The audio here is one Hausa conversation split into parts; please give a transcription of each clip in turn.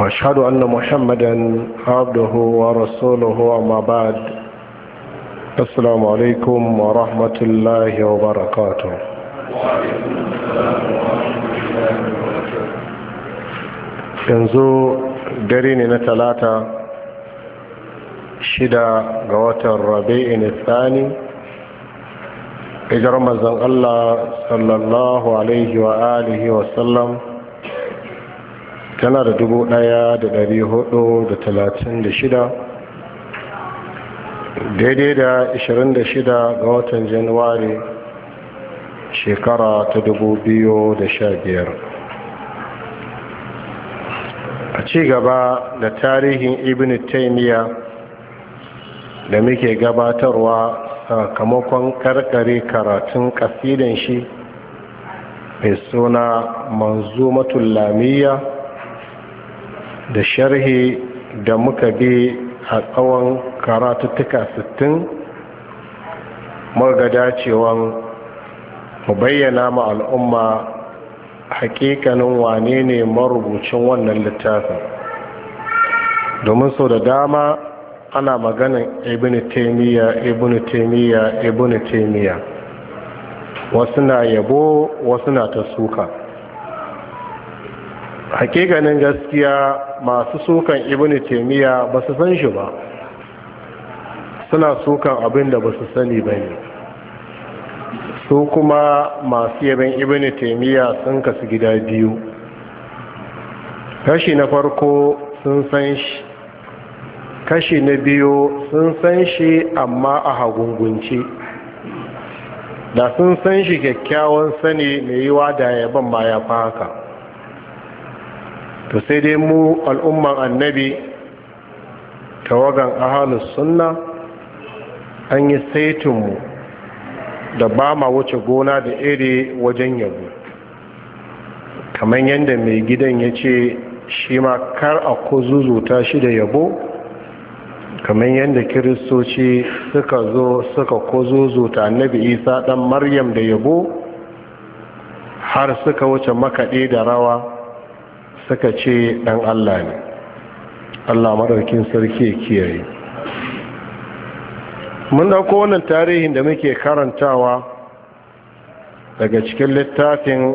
واشهد ان محمدا عبده ورسوله اما بعد السلام عليكم ورحمه الله وبركاته yanzu dare ne na talata shida ga watan rabi'in tsani ijar mazan allah sallallahu alaihi wa alihi wasallam tana da dubu ɗaya da ɗari hudu da talatin da shida daidai da ashirin da shida ga watan januwari shekara ta dubu biyu da sha biyar a cigaba da tarihin ibn taimiyya da muke gabatarwa sakamakon karkare karatun kasidan shi mai suna manzo lamiyya da sharhi da muka bi a tsawon karatuttuka 60 muka dacewan mu bayyana ma al'umma hakikanin wane ne marubucin wannan littafin domin sau da dama ana maganin ibn taimiyya ibn taimiyya ibn taimiyya wasu na yabo wasu na ta suka hakikanin gaskiya masu sukan ibn taimiyya ba su san shi ba suna sukan abin da ba su sani ba ne su kuma masu yabin ibn taimiyya sun kasu gida biyu kashi na farko sun san shi kashi na biyu sun san shi amma a hagungunci da sun san shi kyakkyawan sani mai yiwa da yaban ma ya fi haka to sai dai mu al'umman annabi tawagan ahalus sunna an yi saitinmu da ba ma wuce gona da iri wajen yabo kamar yadda mai gidan ya ce shi ma kar a kuzuzuta shi da yabo kamar yadda kiristoci suka zo suka kuzuzuta annabi isa dan maryam da yabo har suka wuce makaɗe da rawa suka ce ɗan Allah ne Allah maɗaukin sarki kiyaye mun ɗauko wannan tarihin da muke karantawa daga cikin littafin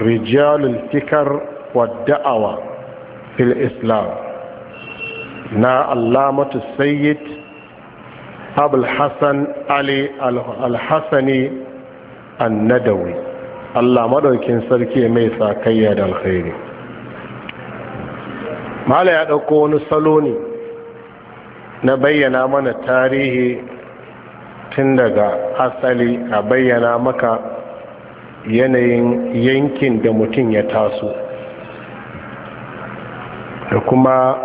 rijalul fikar wa da'awa fil islam na allamatu sayyid abul hassan ali al-hassani annadawi Allah maɗaukin sarki mai sakayya da alkhairi mala ya ɗauko wani salo ne na bayyana mana tarihi tun daga asali a bayyana maka yanayin yankin da mutum ya taso da kuma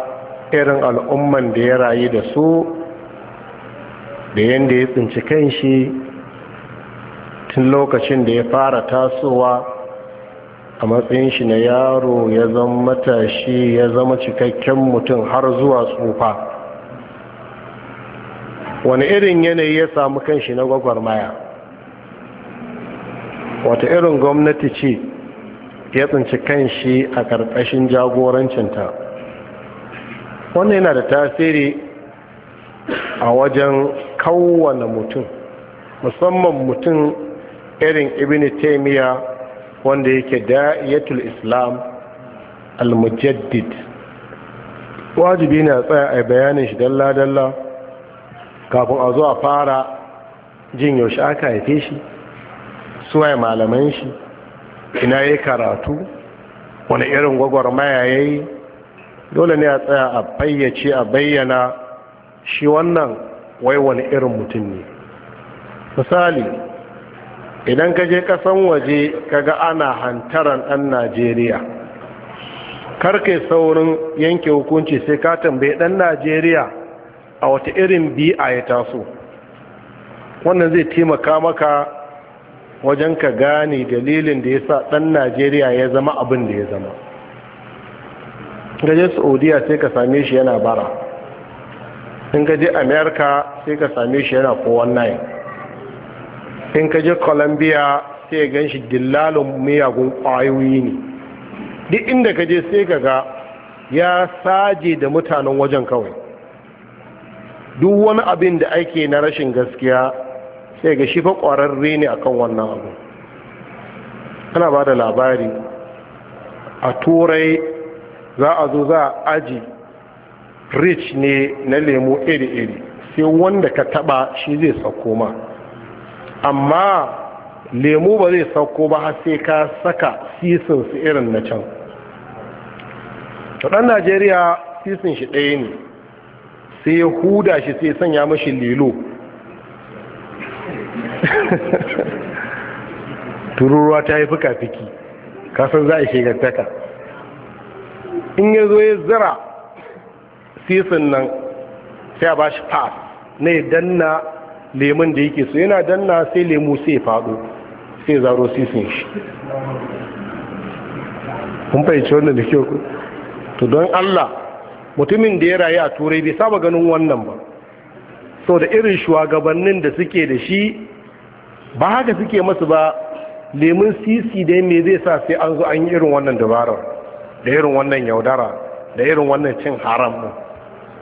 irin al'umman da ya rayu da su da yadda ya tsinci kan shi tun lokacin da ya fara tasowa a matsayin shi na yaro ya zama matashi ya zama cikakken mutum har zuwa tsufa wani irin yanayi ya samu kanshi na gwagwarmaya wata irin gwamnati ce ya tsinci kanshi a ƙarƙashin jagorancinta wannan yana da tasiri a wajen kowane mutum musamman mutum irin ibini taimiyya wanda yake da'iyatul islam al-mujaddid wajibi ne a tsaya a bayanin shi dalla-dalla kafin a zo a fara jin yaushe aka haife shi suwaye malaman shi ina yi karatu wani irin gwagwarmaya ya yi dole ne a tsaya a bayyace a bayyana shi wannan wai wani irin mutum ne misali idan ka je kasan waje kaga ana hantaran ɗan najeriya karke saurin yanke hukunci sai ka tambaye ɗan najeriya a wata irin bi'a ya taso wannan zai taimaka maka wajen ka gane dalilin da ya sa ɗan najeriya ya zama abin da ya zama gaje saudiya sai ka same shi yana bara in gaje amerika sai ka same shi yana kowanne. in ka je colombia sai ya gan shi dillalin miyagun ƙwayoyi ne duk inda ka je sai ka ga ya saje da mutanen wajen kawai duk wani abin da ake na rashin gaskiya sai ga shi fa ƙwararre ne a kan wannan abu ana ba da labari a turai za a zo za a aji rich ne na lemo iri-iri sai wanda ka taba shi zai sauko ma amma lemu ba zai sauko ba har sai ka saka sisin su irin na can ɗan najeriya sisin shi ɗaya ne sai ya huda shi sai sanya mashi lilo tururuwa ta yi fuka fiki kasan za a shigantaka in ya zo ya zira sisin nan sai a ba shi pass na ya danna lemun da yake so yana danna sai lemu sai faɗo sai zaro sisin shi kun fahimci wannan da ku. to don allah mutumin da ya rayu a turai bai saba ganin wannan ba sau da irin shugabannin da suke da shi ba haka suke masu ba lemun sisi da me zai sa sai an zo an yi irin wannan dabarar da irin wannan yaudara da irin wannan cin haram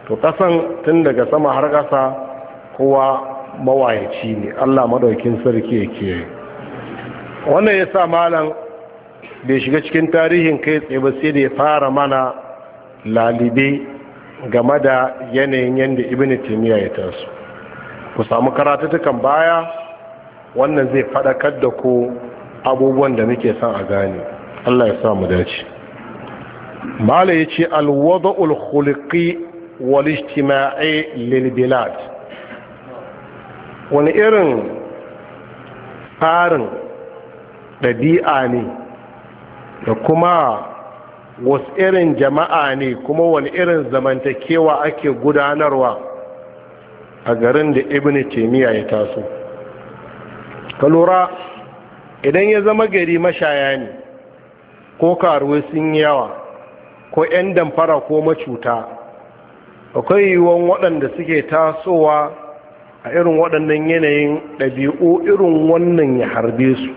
to kasan tun daga sama har kasa kowa mawayaci ne Allah madaukin sarki yake wannan yasa malam bai shiga cikin tarihin kai tsaye ba sai da ya fara mana lalibe game da yanayin yadda ibn taymiya ya taso ku samu karatutukan baya wannan zai kar da ku abubuwan da muke son a gane Allah ya sa mu dace Malam yace al-wada'ul khuliqi wal ijtima'i lil wani irin tsarin ɗabi'a ne da kuma wasu irin jama'a ne kuma wani irin zamantakewa ake gudanarwa a garin da ibn taimiyya ya taso ka lura idan ya zama gari mashaya ne ko karuwa sun yawa ko 'yan damfara ko macuta akwai yiwuwan waɗanda suke tasowa a irin waɗannan yanayin ɗabi'u irin wannan ya harbe su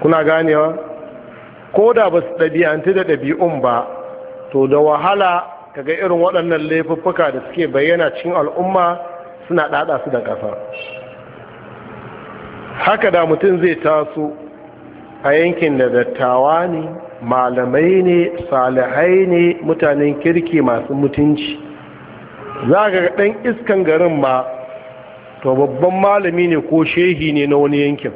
kuna ganewa ko da ba su ɗabi'antu da ɗabi'un ba to da wahala kaga irin waɗannan laifuffuka da suke bayyana cikin al'umma suna ɗaɗa su da ƙasa haka da mutum zai taso a yankin da dattawa ne malamai ne salihai ne mutanen kirki masu mutunci za ga ɗan iskan garin ma to babban malami ne ko shehi ne na wani yankin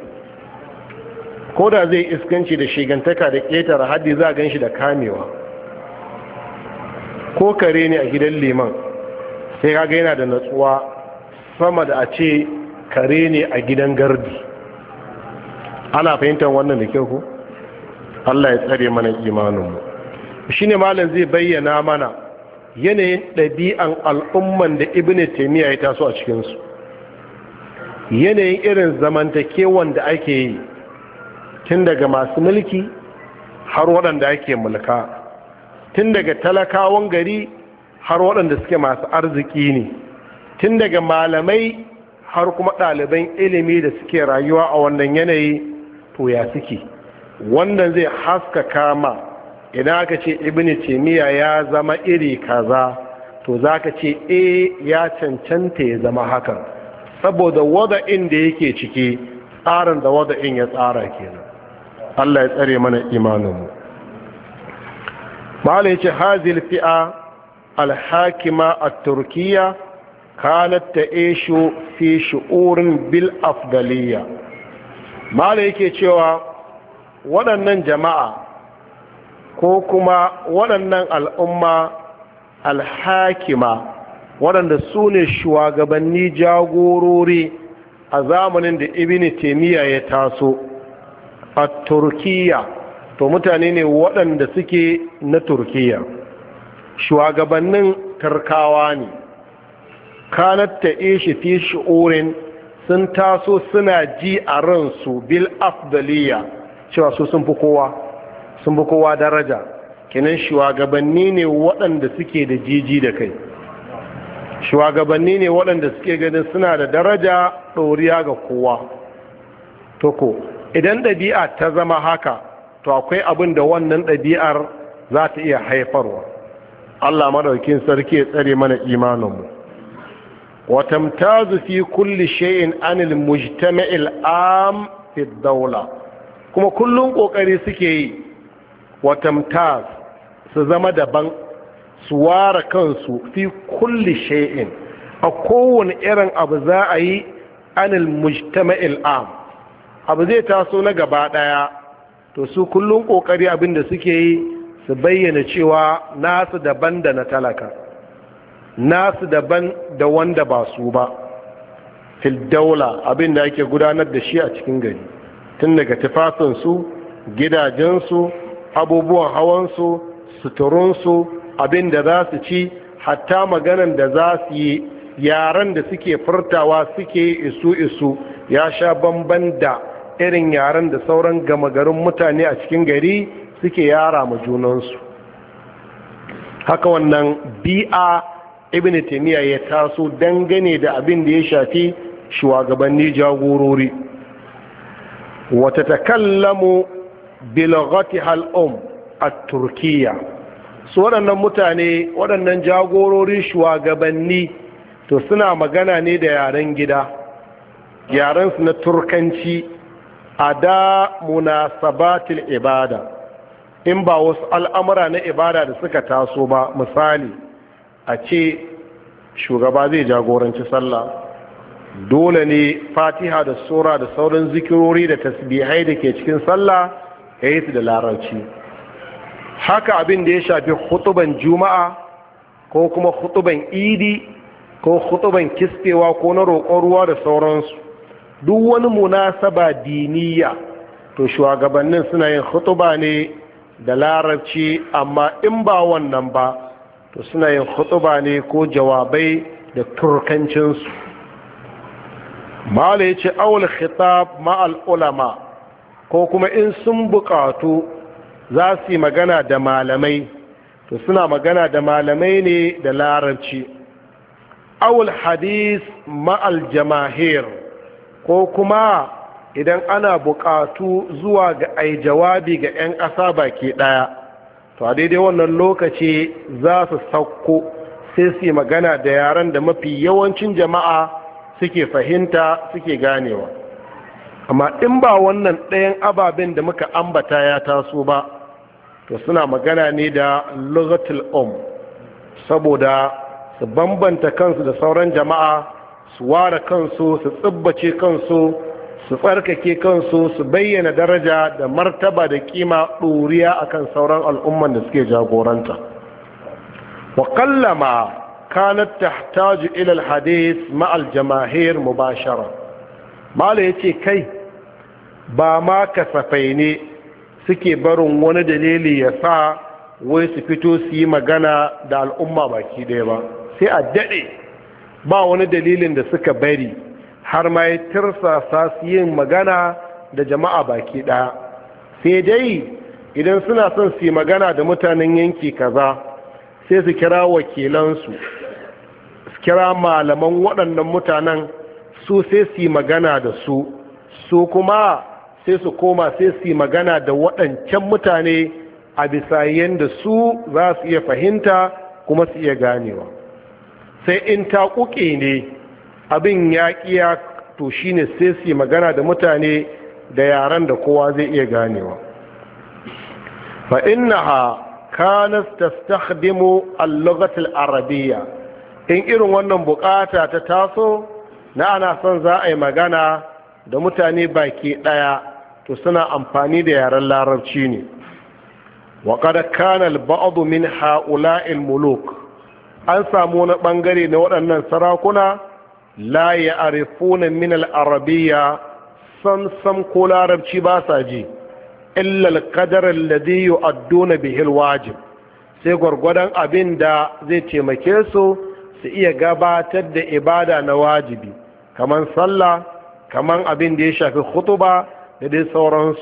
ko da zai iskanci da shigantaka da ƙetare haddi za a gan shi da kamewa ko kare ne a gidan liman sai kaga yana da natsuwa sama da a ce kare ne a gidan gardi ana fahimtar wannan da kyau ko allah ya tsare mana imaninmu shi ne malam zai bayyana mana yanayin ɗabi'an al'umman da ibn taimiyya ya taso a cikinsu yanayin irin zamantakewan da ake yi tun daga masu mulki har waɗanda ake mulka tun daga talakawan gari har waɗanda suke masu arziki ne tun daga malamai har kuma ɗaliban ilimi da suke rayuwa a wannan yanayi to ya suke wannan zai haska kama idan aka ce ibini cimiyya ya zama iri kaza to za ka ce e ya cancanta ya zama hakan saboda wada'in da yake ciki tsarin da wada'in ya tsara kenan Allah ya tsare mana imaninmu malai ce hazil fi'a alhakima a turkiya kanat ta fi shi'urin bil afdaliya malai yake cewa waɗannan jama'a ko kuma waɗannan al'umma alhakima waɗanda su ne shugabanni jagorori a zamanin da ibini taimiyya ya taso a Turkiyya, to mutane ne waɗanda suke na Turkiyya. shugabannin turkawa ne kanat ta ishi fi shi'orin sun taso suna ji a ransu bil afdaliya cewa su sun fi kowa sun fi kowa daraja kinan shugabanni ne waɗanda suke da jiji da kai shugabanni ne waɗanda suke ganin suna da daraja ɗoriya ga kowa toko idan ɗabi'a ta zama haka to akwai abin da wannan ɗabi'ar za ta iya haifarwa allah maɗaukin sarki ya tsare mana imaninmu watamtazu fi kulli shay'in anil mujtama'il am fi daula kuma kullum ƙoƙari suke yi watamta su zama daban su ware kansu fi kulli shay'in a kowane irin abu za a yi anil mujtama'il am abu zai taso na gaba daya to su kullun kokari abin da suke yi su bayyana cewa nasu daban da na talaka nasu daban da wanda ba su ba fil daula abin da ake gudanar da shi a cikin gari tun daga tufafinsu gidajensu abubuwan hawansu suturunsu abin da za su ci hatta maganan da za su yi yaren da suke furtawa suke isu isu ya sha bamban da irin yaren da sauran gama garin mutane a cikin gari suke yara ma junansu haka wannan bi'a ibn taimiyya ya taso dangane da abin da ya shafi shugabanni jagorori wata takallamu bilogati hal'um a turkiyya su waɗannan mutane waɗannan jagorori shugabanni to suna magana ne da yaren gida yarensu na turkanci a da munasabatil ibada in ba wasu al'amura na ibada da suka taso ba misali a ce shugaba zai jagoranci sallah dole ne fatiha da sura da sauran zikirori da tasbihai da ke cikin sallah ya yi su da larabci haka abin da ya shafi hutuban juma'a ko kuma hutuban idi ko hutuban kispewa ko na roƙon ruwa da sauransu duk wani munasaba diniya to shugabannin suna yin hutuba ne da larabci amma in ba wannan ba to suna yin hutuba ne ko jawabai da turkancinsu mala ya ce awul khitab ko kuma in sun buƙatu za su yi magana da malamai to suna magana da malamai ne da larabci awul hadis ma'al jamahir ko kuma idan ana buƙatu zuwa ga ai jawabi ga 'yan ƙasa baki ɗaya to a daidai wannan lokaci za su sauko sai su yi magana da yaren da mafi yawancin jama'a suke fahimta suke ganewa amma in ba wannan ɗayan ababen da muka ambata ya taso ba to suna magana ne da lughatul um saboda su bambanta kansu da sauran jama'a su ware kansu su tsibbace kansu su tsarkake kansu su bayyana daraja da martaba da kima ɗuriya akan sauran al'umman da suke jagoranta wa kallama kanat tahtaju ila alhadith ma aljamahir mubashara mala yace kai ba ma kasafai ne suke barin wani dalili ya sa wai su fito su yi magana da al'umma baki ɗaya ba sai a daɗe ba wani dalilin da suka bari har ma tirsasa su yin magana da jama'a baki ɗaya sai dai idan suna son su yi magana da mutanen yanki kaza sai su kira wakilansu su kira malaman waɗannan mutanen su sai su yi magana da su su kuma sai su koma sai su yi magana da waɗancan mutane a bisa yadda su za su iya fahimta kuma su iya ganewa sai in ta kuke ne abin ya kiya to shine sai su yi magana da mutane da yaren da kowa zai iya ganewa fa na ha kanas ta lughat allogatil Arabiya? in irin wannan bukata ta taso na ana son za a yi magana da mutane baki ɗaya to suna amfani da yaren larabci ne wa kanal ba'adu min ha'ula'il muluk an samu wani ɓangare na waɗannan sarakuna la ya arifuna min al'arabiya sam sam ko larabci ba sa ji illal qadar alladhi yu'adduna bihil wajib sai gwargwadon abin da zai taimake su su iya gabatar da ibada na wajibi kamar sallah kaman abin da ya shafi khutuba da dai sauransu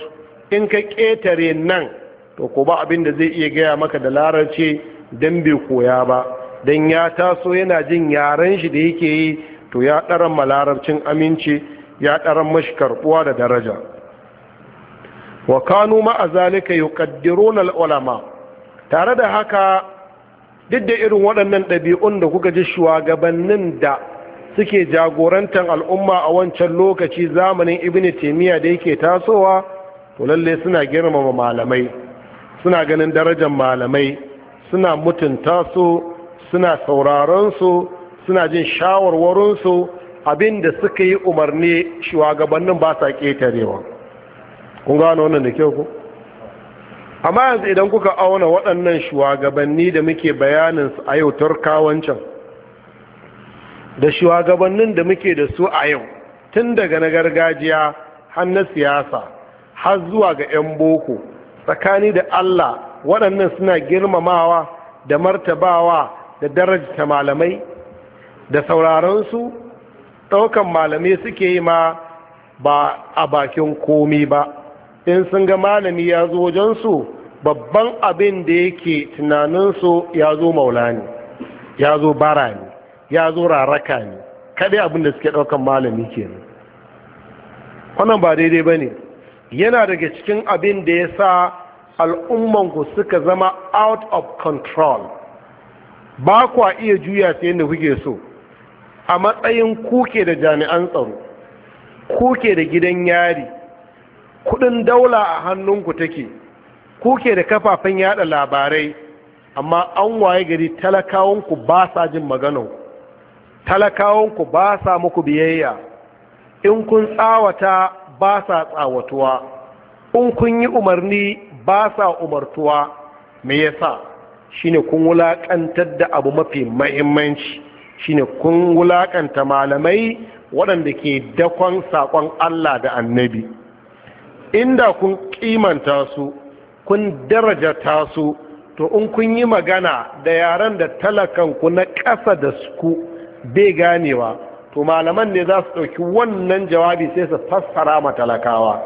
in ka ƙetare nan to ko ba abin da zai iya gaya maka da larabci don bai koya ba don ya taso yana jin yaren shi da yake yi to ya ɗaran ma larabcin aminci ya ɗaran mashi karɓuwa da daraja wa kanu ma'a zalika yuqaddiruna ulama tare da haka duk da irin waɗannan ɗabi'un da kuka ji shugabannin da suke jagorantar al'umma a wancan lokaci zamanin ibn taimiyya da yake tasowa to lalle suna girmama malamai suna ganin darajar malamai suna mutunta su suna sauraron suna jin shawarwarin su abinda suka yi umarni shugabannin ba sa ketarewa kun gano wannan da kyau ku amma yanzu idan kuka auna waɗannan shugabanni da muke bayanin su a yau turkawancan da shugabannin da muke da su a yau tun daga na gargajiya har na siyasa har zuwa ga 'yan boko tsakani da allah waɗannan suna girmamawa da martabawa da darajta malamai da sauraronsu ɗaukan malamai suke yi ma ba a bakin komi ba in sun ga malami ya zo wajensu babban abin da yake tunaninsu ya zo maulani ya zo barani ya zo raraka ne kaɗai abin da suke ɗaukan malami kenan wannan ba daidai ba ne yana daga cikin abin da ya sa al'ummanku suka zama out of control ba kwa iya juya sai yadda kuke so a matsayin kuke da jami'an tsaro kuke da gidan yari kudin daula a hannunku take kuke da kafafen yada labarai amma an waye gari talakawanku ba sa jin maganarku talakawanku ba sa muku biyayya in kun tsawata ba sa tsawatuwa in kun yi umarni ba sa umartuwa me yasa shine kun wulaƙantar da abu mafi mahimmanci shine kun wulaƙanta malamai waɗanda ke dakon saƙon Allah da annabi inda kun kimanta su kun darajata su to in kun yi magana da yaren da talakanku na ƙasa da su bai ganewa to malaman ne za su ɗauki wannan jawabi sai su fassara ma talakawa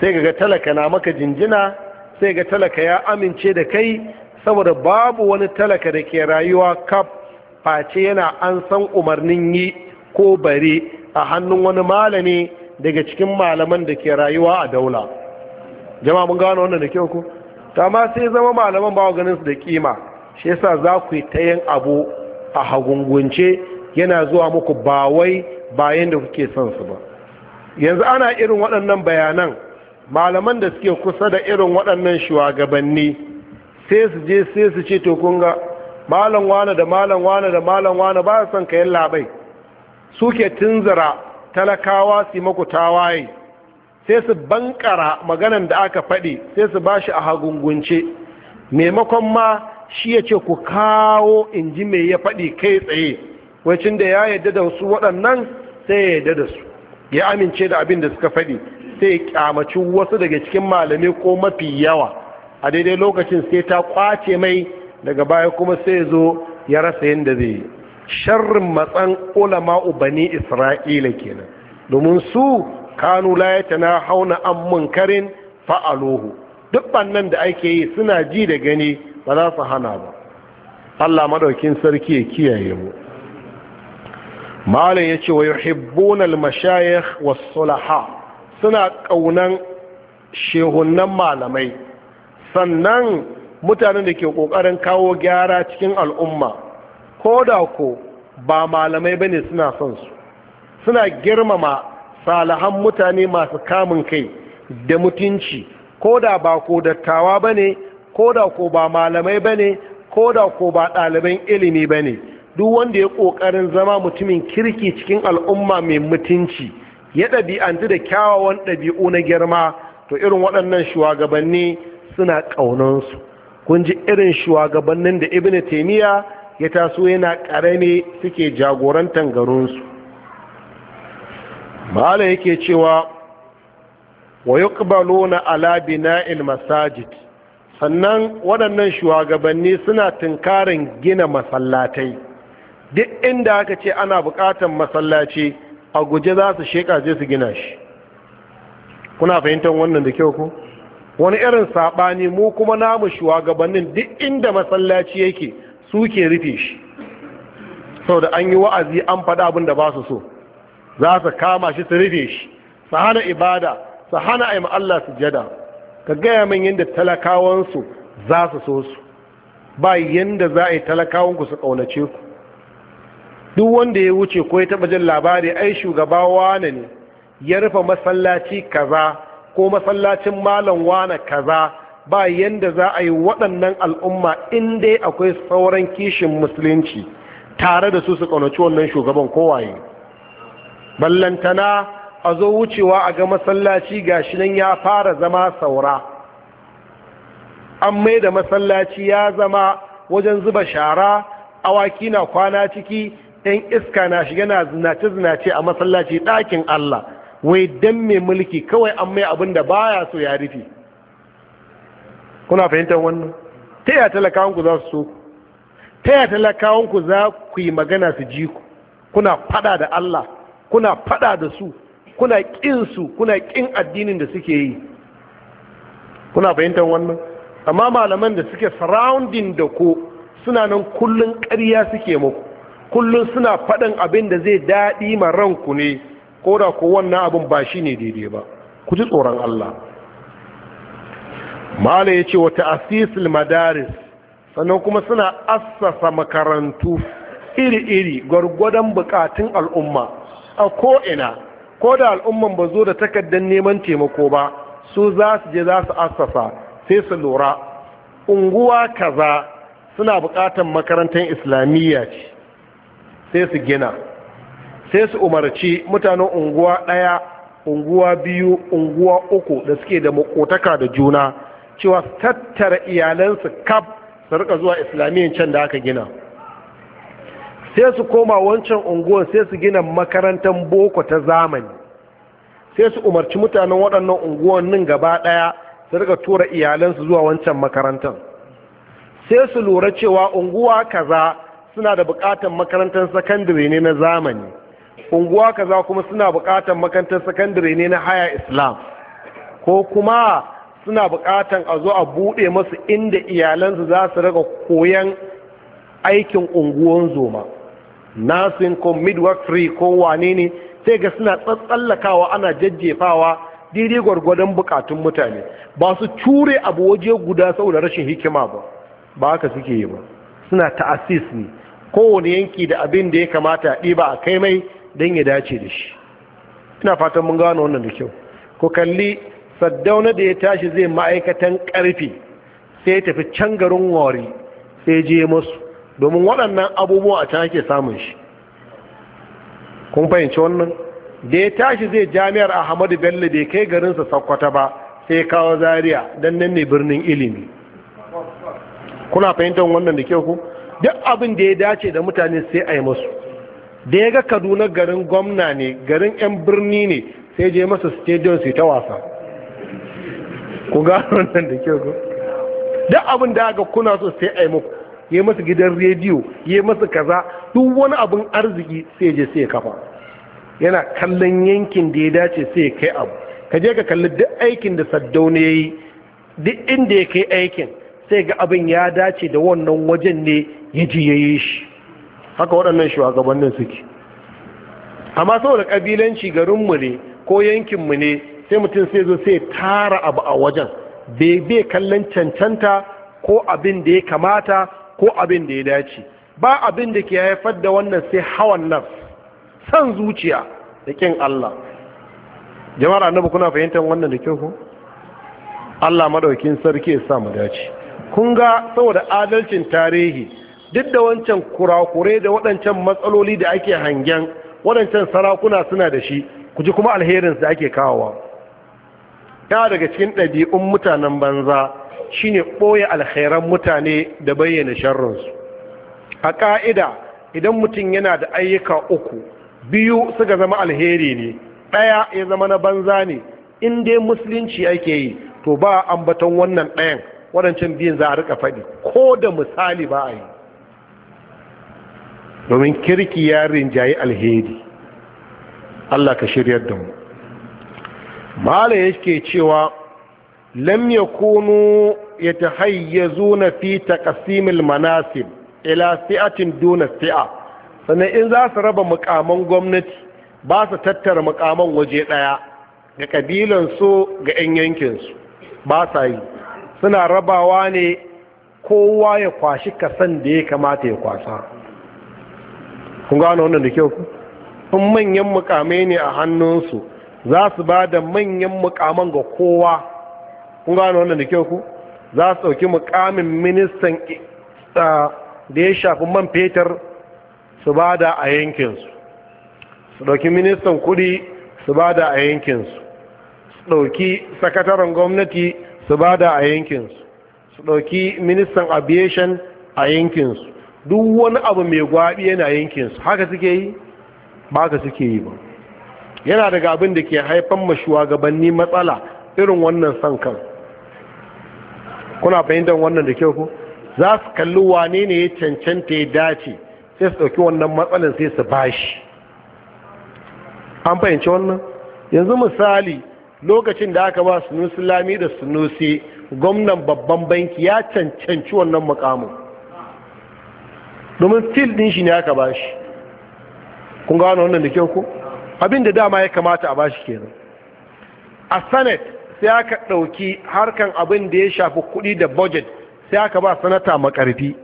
sai ga talaka na maka jinjina sai ga talaka ya amince da kai saboda babu wani talaka da ke rayuwa kaf face yana an san umarnin yi ko bare a hannun wani malami daga cikin malaman da ke rayuwa a daula jama'a mun gano wannan da kyau ko ta ma sai zama malaman ba ganin su da kima shi yasa za ku yi ta abu a hagungunce yana zuwa muku ba wai bayan da kuke son su ba yanzu ana irin waɗannan bayanan malaman da suke kusa da irin waɗannan shugabanni sai su je sai su ce tokun ga malam wane da malam wane da malam wane ba son kayan labai suke tunzara talakawa su maku tawaye sai su bankara maganan da aka faɗi sai su shi a hagungunce maimakon ma shi ya ce ku kawo in ji mai ya faɗi kai tsaye wacin da ya yadda da su waɗannan sai ya yadda da su ya amince da abin da suka faɗi sai ya kyamaci wasu daga cikin malamai ko mafi yawa a daidai lokacin sai ta kwace mai daga baya kuma sai zo ya rasa yadda zai yi sharrin matsan ulama ubani isra'ila kenan domin su kanu la na hauna an munkarin fa'aluhu duk bannan da ake yi suna ji da gani ba za su hana ba Allah madaukin sarki ya kiyaye mu malam ya ce wa yuhibbunal mashayikh was-sulaha suna kaunan shehunan malamai sannan mutanen da ke kokarin kawo gyara cikin al'umma ko ko ba malamai bane suna son su suna girmama salahan mutane masu kamun kai da mutunci ko da ba ko dattawa bane ko ko ba malamai bane ko ko ba ɗaliban ilimi bane duk wanda ya ƙoƙarin zama mutumin kirki cikin al'umma mai mutunci ya ɗabi'antu da kyawawan ɗabi'u na girma to irin waɗannan shugabanni suna ƙaunansu kun ji irin shugabannin da ibn taimiyya ya taso yana ƙarami suke jagorantar garinsu ma'ala yake cewa wa yuqbaluna ala bina'il masajid sannan waɗannan shugabanni suna tunkarin gina masallatai duk inda aka ce ana bukatan masallaci a guje za su sheka je su gina shi kuna fahimtar wannan da kyau ku wani irin sabani mu kuma namu shugabannin duk inda masallaci yake su ke rufe shi sau da an yi wa'azi an faɗa abin da ba su so za su kama shi su rufe shi su hana ibada su hana aima Allah sujada ka gaya min yadda talakawansu za su so su ba yadda za a yi talakawanku su ƙaunace ku duk wanda ya wuce ko ya taba jin labari ai shugaba wane ne ya rufe masallaci kaza ko masallacin malam wane kaza ba yanda za a yi waɗannan al'umma in dai akwai sauran kishin musulunci tare da su su ƙaunaci wannan shugaban kowaye ballantana a zo wucewa a ga masallaci gashi nan ya fara zama saura an mai da masallaci ya zama wajen zuba shara awaki na kwana ciki 'yan iska na shiga na zinace-zinace a masallaci ɗakin Allah wai don mai mulki kawai an mai abin da baya so ya rufe kuna fahimtar wannan ta yaya talakawanku za su so ku ta yaya talakawanku za ku yi magana su ji ku kuna fada da Allah kuna fada da su kuna ƙin su kuna ƙin addinin da suke yi kuna fahimtar wannan amma malaman da suke surrounding da ko suna nan kullun ƙarya suke muku kullum suna faɗin abin da zai daɗi ma ranku ne ko da ko wannan abin ba shi ne daidai ba ku ji tsoron Allah mala ya ce wata asisul madaris sannan kuma suna assasa makarantu iri-iri gwargwadon bukatun al'umma a ko'ina ko da al'umman ba zo da takardar neman taimako ba su za su je za su assasa sai su lura unguwa kaza suna bukatan makarantar islamiyya ce sai su gina sai su umarci mutanen unguwa ɗaya unguwa biyu unguwa uku da suke da makotaka da juna cewa tattara iyalansu kaf su rika zuwa islamiyyar can da aka gina sai su koma wancan unguwa sai su gina makarantar boko ta zamani sai su umarci mutanen waɗannan unguwannin gaba ɗaya su rika tura iyalansu zuwa wancan makarantar sai su lura cewa unguwa kaza suna da bukatar makarantar sakandare ne na zamani unguwa kaza kuma suna bukatar makarantar sakandare ne na haya islam ko kuma suna bukatar a zo a bude masu inda iyalansu za su raga koyan aikin unguwan zoma nursing ko midwifery ko wane ne sai ga suna tsatsallakawa ana jajjefawa daidai gwargwadon bukatun mutane ba su cure abu waje guda saboda rashin hikima ba ba haka suke yi ba suna ta'asis ne kowane yanki da abin da ya kamata a ɗiba a kai mai don ya dace da shi ina fatan mun gano wannan da kyau ku kalli saddauna da ya tashi zai ma'aikatan ƙarfi sai ya tafi can garin wari sai je masu domin waɗannan abubuwa a can ake samun shi kun fahimci wannan da ya tashi zai jami'ar ahmadu bello bai kai garinsa sakkwata ba sai kawo Zariya. don nan ne birnin ilimi kuna fahimtar wannan da kyau ku duk abin da ya dace da mutane sai a yi masu da ya ga kaduna garin gwamna ne garin 'yan birni ne sai je masa stadium sai ta wasa ku gano nan da kyau duk abin da aka kuna so sai a yi muku yi masa gidan rediyo yi masa kaza duk wani abin arziki sai je sai kafa yana kallon yankin da ya dace sai kai abu ka je ka kalli duk aikin da saddauna ya yi duk inda ya kai aikin sai ga abin ya dace da wannan wajen ne ya ji ya shi haka waɗannan shugabannin suke amma saboda ƙabilanci mu ne ko yankin mu ne sai mutum sai zo sai tara abu a wajen bebe kallon cancanta ko abin da ya kamata ko abin da ya dace ba abin da ke haifar da wannan sai hawan nafs san zuciya da kin Allah jama'ar annabi kuna fahimtar wannan da kyau ko Allah madaukin sarki ya sa mu dace kun ga saboda adalcin tarihi duk da wancan kurakure da waɗancan matsaloli da ake hangen waɗancan sarakuna suna da shi ku ji kuma alherin da ake kawowa ya daga cikin ɗabi'un mutanen banza shine ɓoye alheran mutane da bayyana sharrinsu a ƙa'ida idan mutum yana da ayyuka uku biyu suka zama alheri ne ɗaya ya zama na banza ne in dai musulunci ake yi to ba ambaton wannan ɗayan waɗancan biyan za a rika faɗi ko da misali ba a yi domin kirki ya rinjayi alheri Allah ka shirya da mu mala yake cewa lam yakunu na fi ƙasimil manasib ila fi'atin duna fi'a sannan in za su raba mukaman gwamnati ba su tattara mukaman waje ɗaya, ga ƙabilansu, ga 'yan yankinsu, ba sa yi suna rabawa ne kowa ya kwashi kasan da ya kamata ya kwasa kun gano wannan da kyau kun manyan mukamai ne a hannunsu za su ba da manyan mukaman ga kowa kun gano wannan da kyau ku za su ɗauki mukamin ministan da ya shafi man fetur su ba da a yankinsu su ɗauki ministan kuɗi su ba da a yankinsu su ɗauki sakataren gwamnati su bada a yankinsu su ɗauki ministan aviation a yankinsu duk wani abu mai gwaɓi yana yankinsu haka suke yi ba ka suke yi ba yana daga abin da ke haifan ma shugabanni matsala irin wannan son kan kuna fahimtar wannan da kyau ku za su kalli wane ne ya cancanta ya dace sai su ɗauki wannan matsalin sai su bashi an fahimci wannan yanzu misali lokacin da aka ba lami da sunusi gwamnan babban banki ya cancanci wannan mukamin domin fil din shi ne aka ba shi kun gano wannan da kyau ko abin da dama ya kamata a ba shi kenan a senate sai aka ɗauki harkan abin da ya shafi kuɗi da budget sai aka ba sanata makarfi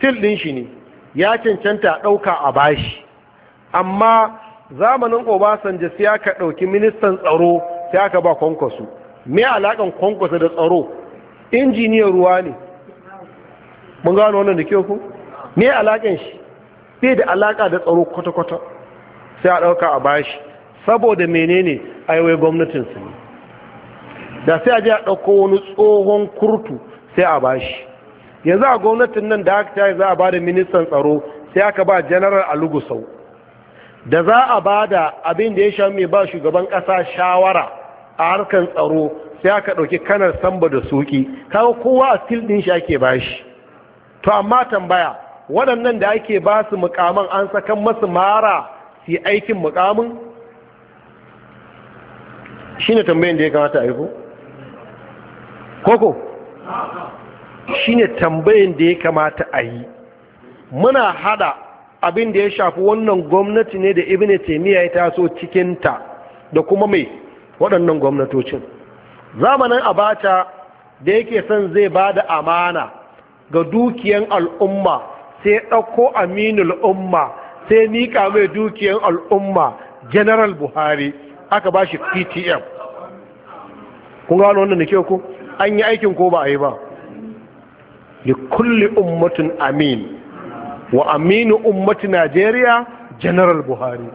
fil din shi ne ya cancanta ɗauka a bashi amma zamanin obasanjo sai aka ɗauki ministan tsaro sai aka ba kwankwasu me alakan kwankwaso da tsaro injiniyar ruwa ne mun gano wannan da ku me alakan shi sai da alaka da tsaro kwata-kwata sai a ɗauka a bashi saboda menene aiwai gwamnatinsu ne da sai a je a ɗauko wani tsohon kurtu sai a bashi yanzu a gwamnatin nan da aka tayi za a ba da ministan tsaro sai aka ba janaral alugusau da za a ba da abin da ya sha mai ba shugaban ƙasa shawara a harkar tsaro sai aka ɗauki kanar samba da suki kawo kowa a skill ɗin shi ake bashi to amma tambaya waɗannan da ake ba su mukamin an sakan masu mara su yi aikin mukamin shi ne tambayin da ya kamata a yi ko? koko shi ne tambayin da ya kamata a yi muna hada abin da ya shafi wannan gwamnati ne da ibn taimiyya ya taso cikinta da kuma mai waɗannan gwamnatocin zamanin abata da yake son zai ba da amana ga dukiyan al'umma sai ɗauko aminul umma sai niƙa mai dukiyan al'umma general buhari aka ba shi ptm kun gano wannan da ku an yi aikin ko ba a yi ba li kulli ummatin amin wa aminu ummatin najeriya general buhari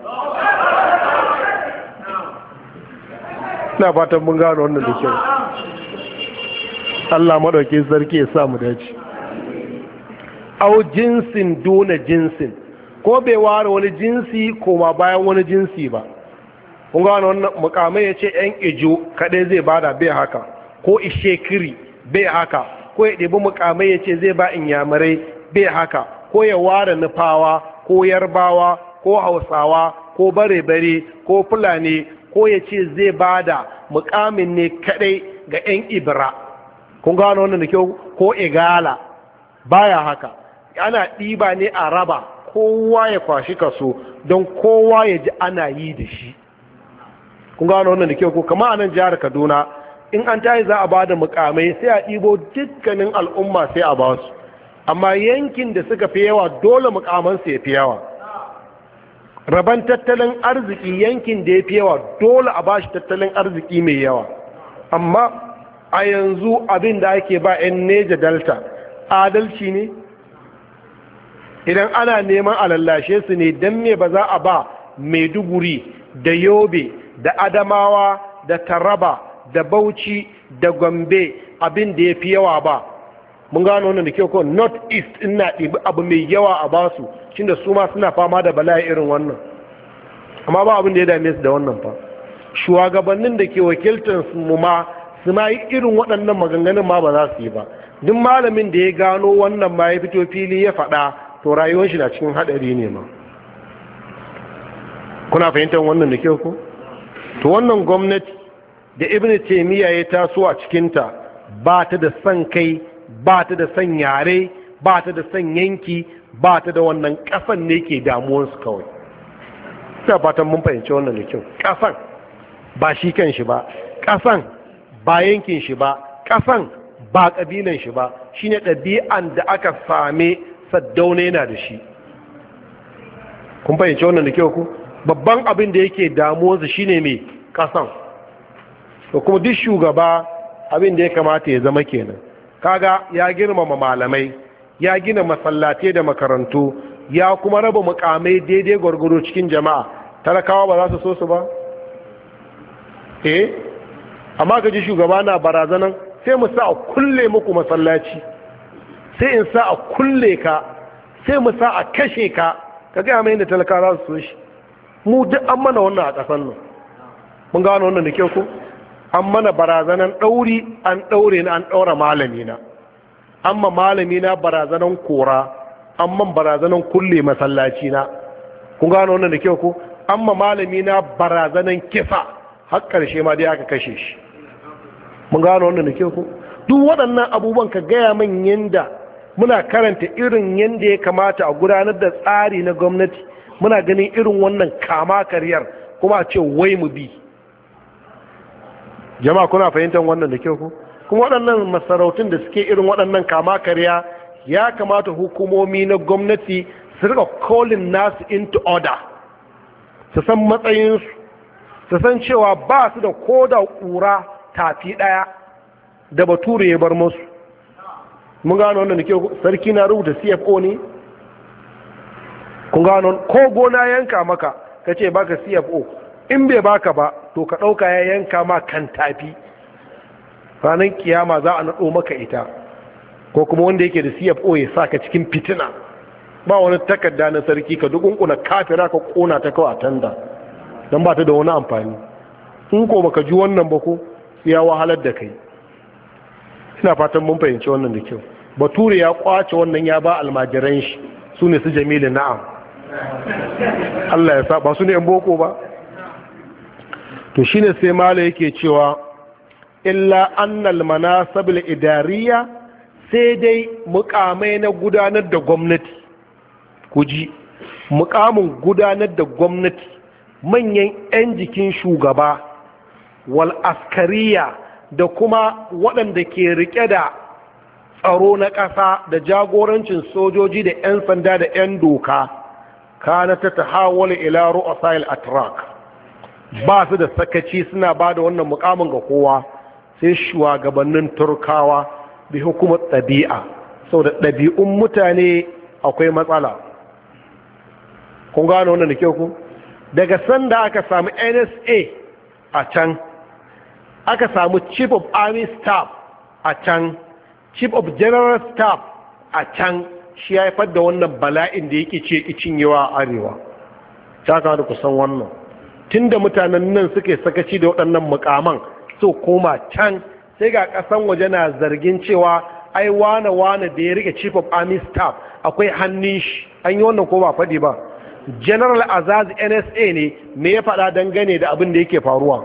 na fatan mun gano wannan da kyau Allah madauke sarki ya sa mu dace au jinsin dona jinsin ko bai ware wani jinsi ko ba bayan wani jinsi ba kun gano wannan mukamai ya ce yan ijo kadai zai bada bai haka ko ishekiri bai haka ko ya debi mukamai yace ce zai ba inyamurai bai haka ko ya ware nufawa ko yarbawa ko hausawa ko bare-bare ko fulani ko ya ce zai ba da mukamin ne kadai ga 'yan ibra kun gano wannan da kyau ko igala baya haka ana ɗiba ne a raba kowa ya kwashi kaso don kowa ya ji ana yi da shi kun gano wannan da kyau ko kama a nan jihar kaduna in an tayi za a ba da mukamai sai a ɗibo dukkanin al'umma sai a ba su amma yankin da suka fi yawa dole mukamansu ya fi yawa raban tattalin arziki yankin da ya fi yawa dole a ba shi tattalin arziki mai yawa amma a yanzu abin da ake ba 'yan neja delta adalci ne idan ana neman alallashe su ne don me ba za a ba maiduguri da yobe da adamawa da taraba da bauchi da gombe abin da ya fi yawa ba mun gano wannan da kyau ko north east na ɗibi abu mai yawa a basu shi da su ma suna fama da bala'i irin wannan amma ba abin da ya dame su da wannan fa shugabannin da ke wakiltar su mu ma su ma yi irin waɗannan maganganun ma ba za su yi ba duk malamin da ya gano wannan ma ya fito fili ya faɗa to rayuwar shi na cikin haɗari ne ma kuna fahimtar wannan da kyau ko to wannan gwamnati da ibn taymiya ya taso a cikinta ba ta da son kai ba ta da son yare ba ta da son yanki ba ta da wannan kasan ne ke damuwarsu kawai ta fatan mun fahimci wannan da kyau kasan ba shi kan shi ba kasan ba yankin shi ba kasan ba kabilan shi ba shi ne ɗabi'an da aka same saddauna yana da shi kun fahimci wannan da kyau ku babban abin da yake damuwarsu shine mai kasan Ko kuma duk shugaba abin da ya kamata ya zama kenan kaga ya girmama malamai ya gina masallatai da makarantu ya kuma raba mukamai daidai gwargwaro cikin jama'a talakawa ba za su so su ba eh amma ka ji shugaba na barazanan sai mu sa a kulle muku masallaci sai in sa a kulle ka sai mu sa a kashe ka ka gaya mai da talakawa za su so shi mu duk an mana wannan a kasan nan mun gano wannan da kyau ko an mana barazanan ɗauri an ɗaure na an ɗaura malamina amma malamina barazanan kora amma barazanan kulle masallaci na, kun gano wannan da kyau ko amma malamina barazanan kisa har ƙarshe ma dai aka kashe shi mun gano wannan da kyau ko duk waɗannan abubuwan ka gaya min yanda muna karanta irin yanda ya kamata a gudanar da tsari na gwamnati muna ganin irin wannan kama karyar kuma a ce wai mu bi jama'a kuna fahimtar wannan da kyau ku kuma waɗannan masarautun da suke irin waɗannan kama karya ya kamata hukumomi na gwamnati su rika calling nasu into order su san matsayinsu su san cewa ba su da koda ƙura tafi ɗaya da bature ya bar musu mun gano wannan da ke sarki na rubuta cfo ne kun gano ko gona yanka maka ka ce baka cfo in bai baka ba to ka ɗauka ya yanka ma kan tafi ranar kiyama za a naɗo maka ita ko kuma wanda yake da cfo ya sa ka cikin fitina ba wani takarda na sarki ka duk dukunkuna kafira ka kona ta kawai a tanda don ba ta da wani amfani in ko baka ji wannan ba ko ya wahalar da kai ina fatan mun fahimci wannan da kyau bature ya kwace wannan ya ba almajiran shi su ne su jamilu na'am Allah ya sa ba su ne yan boko ba to shine sai mala yake cewa illa annal manasibul idariya sai dai mukamai na gudanar da gwamnati kuji mukamin gudanar da gwamnati manyan 'yan jikin shugaba wal askariya da kuma waɗanda ke rike da tsaro na ƙasa da jagorancin sojoji da 'yan sanda da 'yan doka kana ta tahawala ila ru'asail atrak ba su da sakaci suna ba da wannan mukamin ga kowa sai shugabannin turkawa bi hukumar ɗabi'a sau da ɗabi'un mutane akwai matsala kun gano wannan da kyau ku daga sanda aka samu nsa a can aka samu chief of army staff a can chief of general staff a can shi ya haifar da wannan bala'in da yake ce ikin yawa arewa ta kawo da kusan wannan Tun da mutanen nan suke sakaci da waɗannan mukaman so koma can sai ga ƙasan waje na zargin cewa ai wane wane da ya rike chief of army staff akwai hannun shi an yi wannan ko ba faɗi ba general azaz nsa ne me ya faɗa dangane da abin da yake faruwa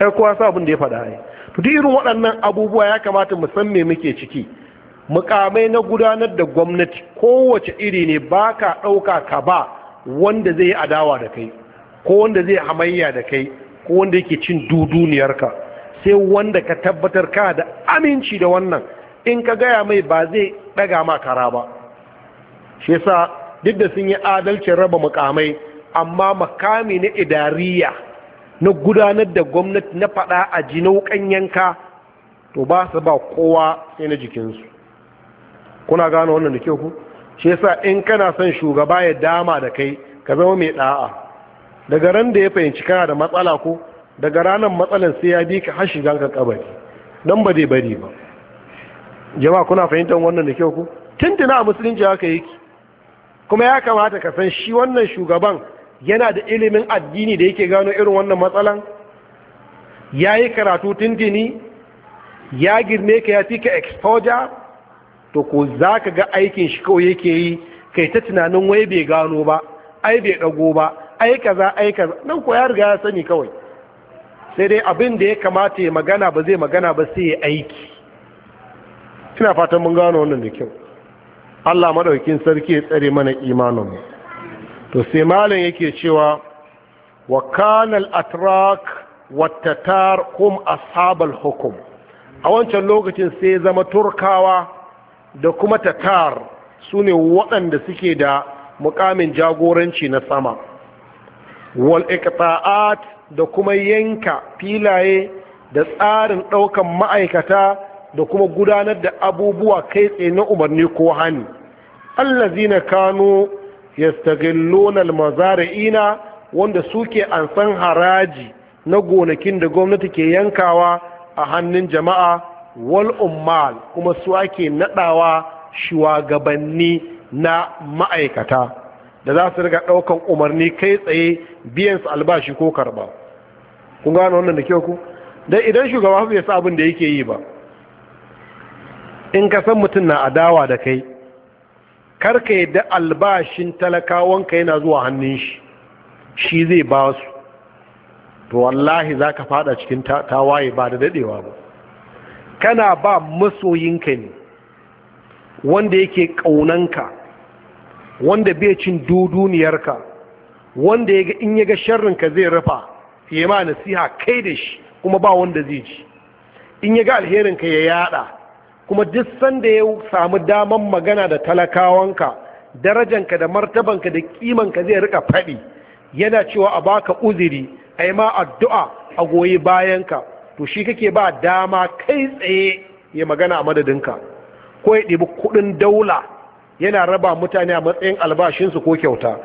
ai kowa sa abin da ya faɗa ai duk irin waɗannan abubuwa ya kamata mu san me muke ciki mukamai na gudanar da gwamnati kowace iri ne ba ka ɗauka ka ba wanda zai yi adawa da kai ko wanda zai hamayya da kai ko wanda yake cin duduniyarka sai wanda ka tabbatar ka da aminci da wannan in ka gaya mai ba zai daga ma kara ba shi sa duk da sun yi adalcin raba mukamai amma makami na idariya na gudanar da gwamnati na fada a jinaukan yanka to ba su ba kowa sai na jikinsu kuna gano wannan da kyau ku shi sa in kana son shugaba ya dama da kai ka zama mai da'a daga ran da ya fahimci kana da matsala ko daga ranar matsalar sai ya bi ka har shigan ka kabari dan ba dai bari ba jama'a kuna fahimtar wannan da kyau ku tuntuna a musulunci haka yake kuma ya kamata ka san shi wannan shugaban yana da ilimin addini da yake gano irin wannan matsalan ya yi karatu tuntuni ya girme ka ya fi ka exposure to ko za ka ga aikin shi kawai yake yi kai ta tunanin wai bai gano ba ai bai ɗago ba ai kaza ai kaza nan ko ya riga ya sani kawai sai dai abin da ya kamata ya magana ba zai magana ba sai ya aiki ina fatan mun gano wannan da kyau Allah maɗaukin sarki ya tsare mana imanin mu to sai malam yake cewa wa kanal atrak wa tatar ashabal hukum a wancan lokacin sai zama turkawa da kuma tatar sune waɗanda suke da mukamin jagoranci na sama wal iqta'at da kuma yanka filaye da tsarin ɗaukan ma'aikata da kuma gudanar da abubuwa kai tsaye na umarni ko hani allazina kanu yastaghilluna almazari'ina wanda suke ansan haraji na gonakin da gwamnati ke yankawa a hannun jama'a wal ummal kuma su ake nadawa shugabanni na ma'aikata da za su riga ɗaukan umarni kai tsaye biyan su albashi ko karba kun gano wannan da kyau ku dan idan shugaba bai sa abin da yake yi ba in ka san mutum na adawa da kai kar ka da albashin ka yana zuwa hannun shi shi zai ba su to wallahi za ka fada cikin tawaye ba da daɗewa ba kana ba masoyinka ne wanda yake ƙaunanka wanda bai cin duduniyarka wanda ya in ya ga ka zai rufa ya ma nasiha kai da shi kuma ba wanda zai ji in ya ga ka ya yada kuma duk sanda ya samu daman magana da talakawanka darajanka da martabanka da kimanka zai rika faɗi yana cewa a baka uziri a ma addu'a a goyi bayanka to shi kake ba dama kai tsaye ya magana a madadinka ko ya ɗibi kuɗin daula yana raba mutane a matsayin albashinsu ko kyauta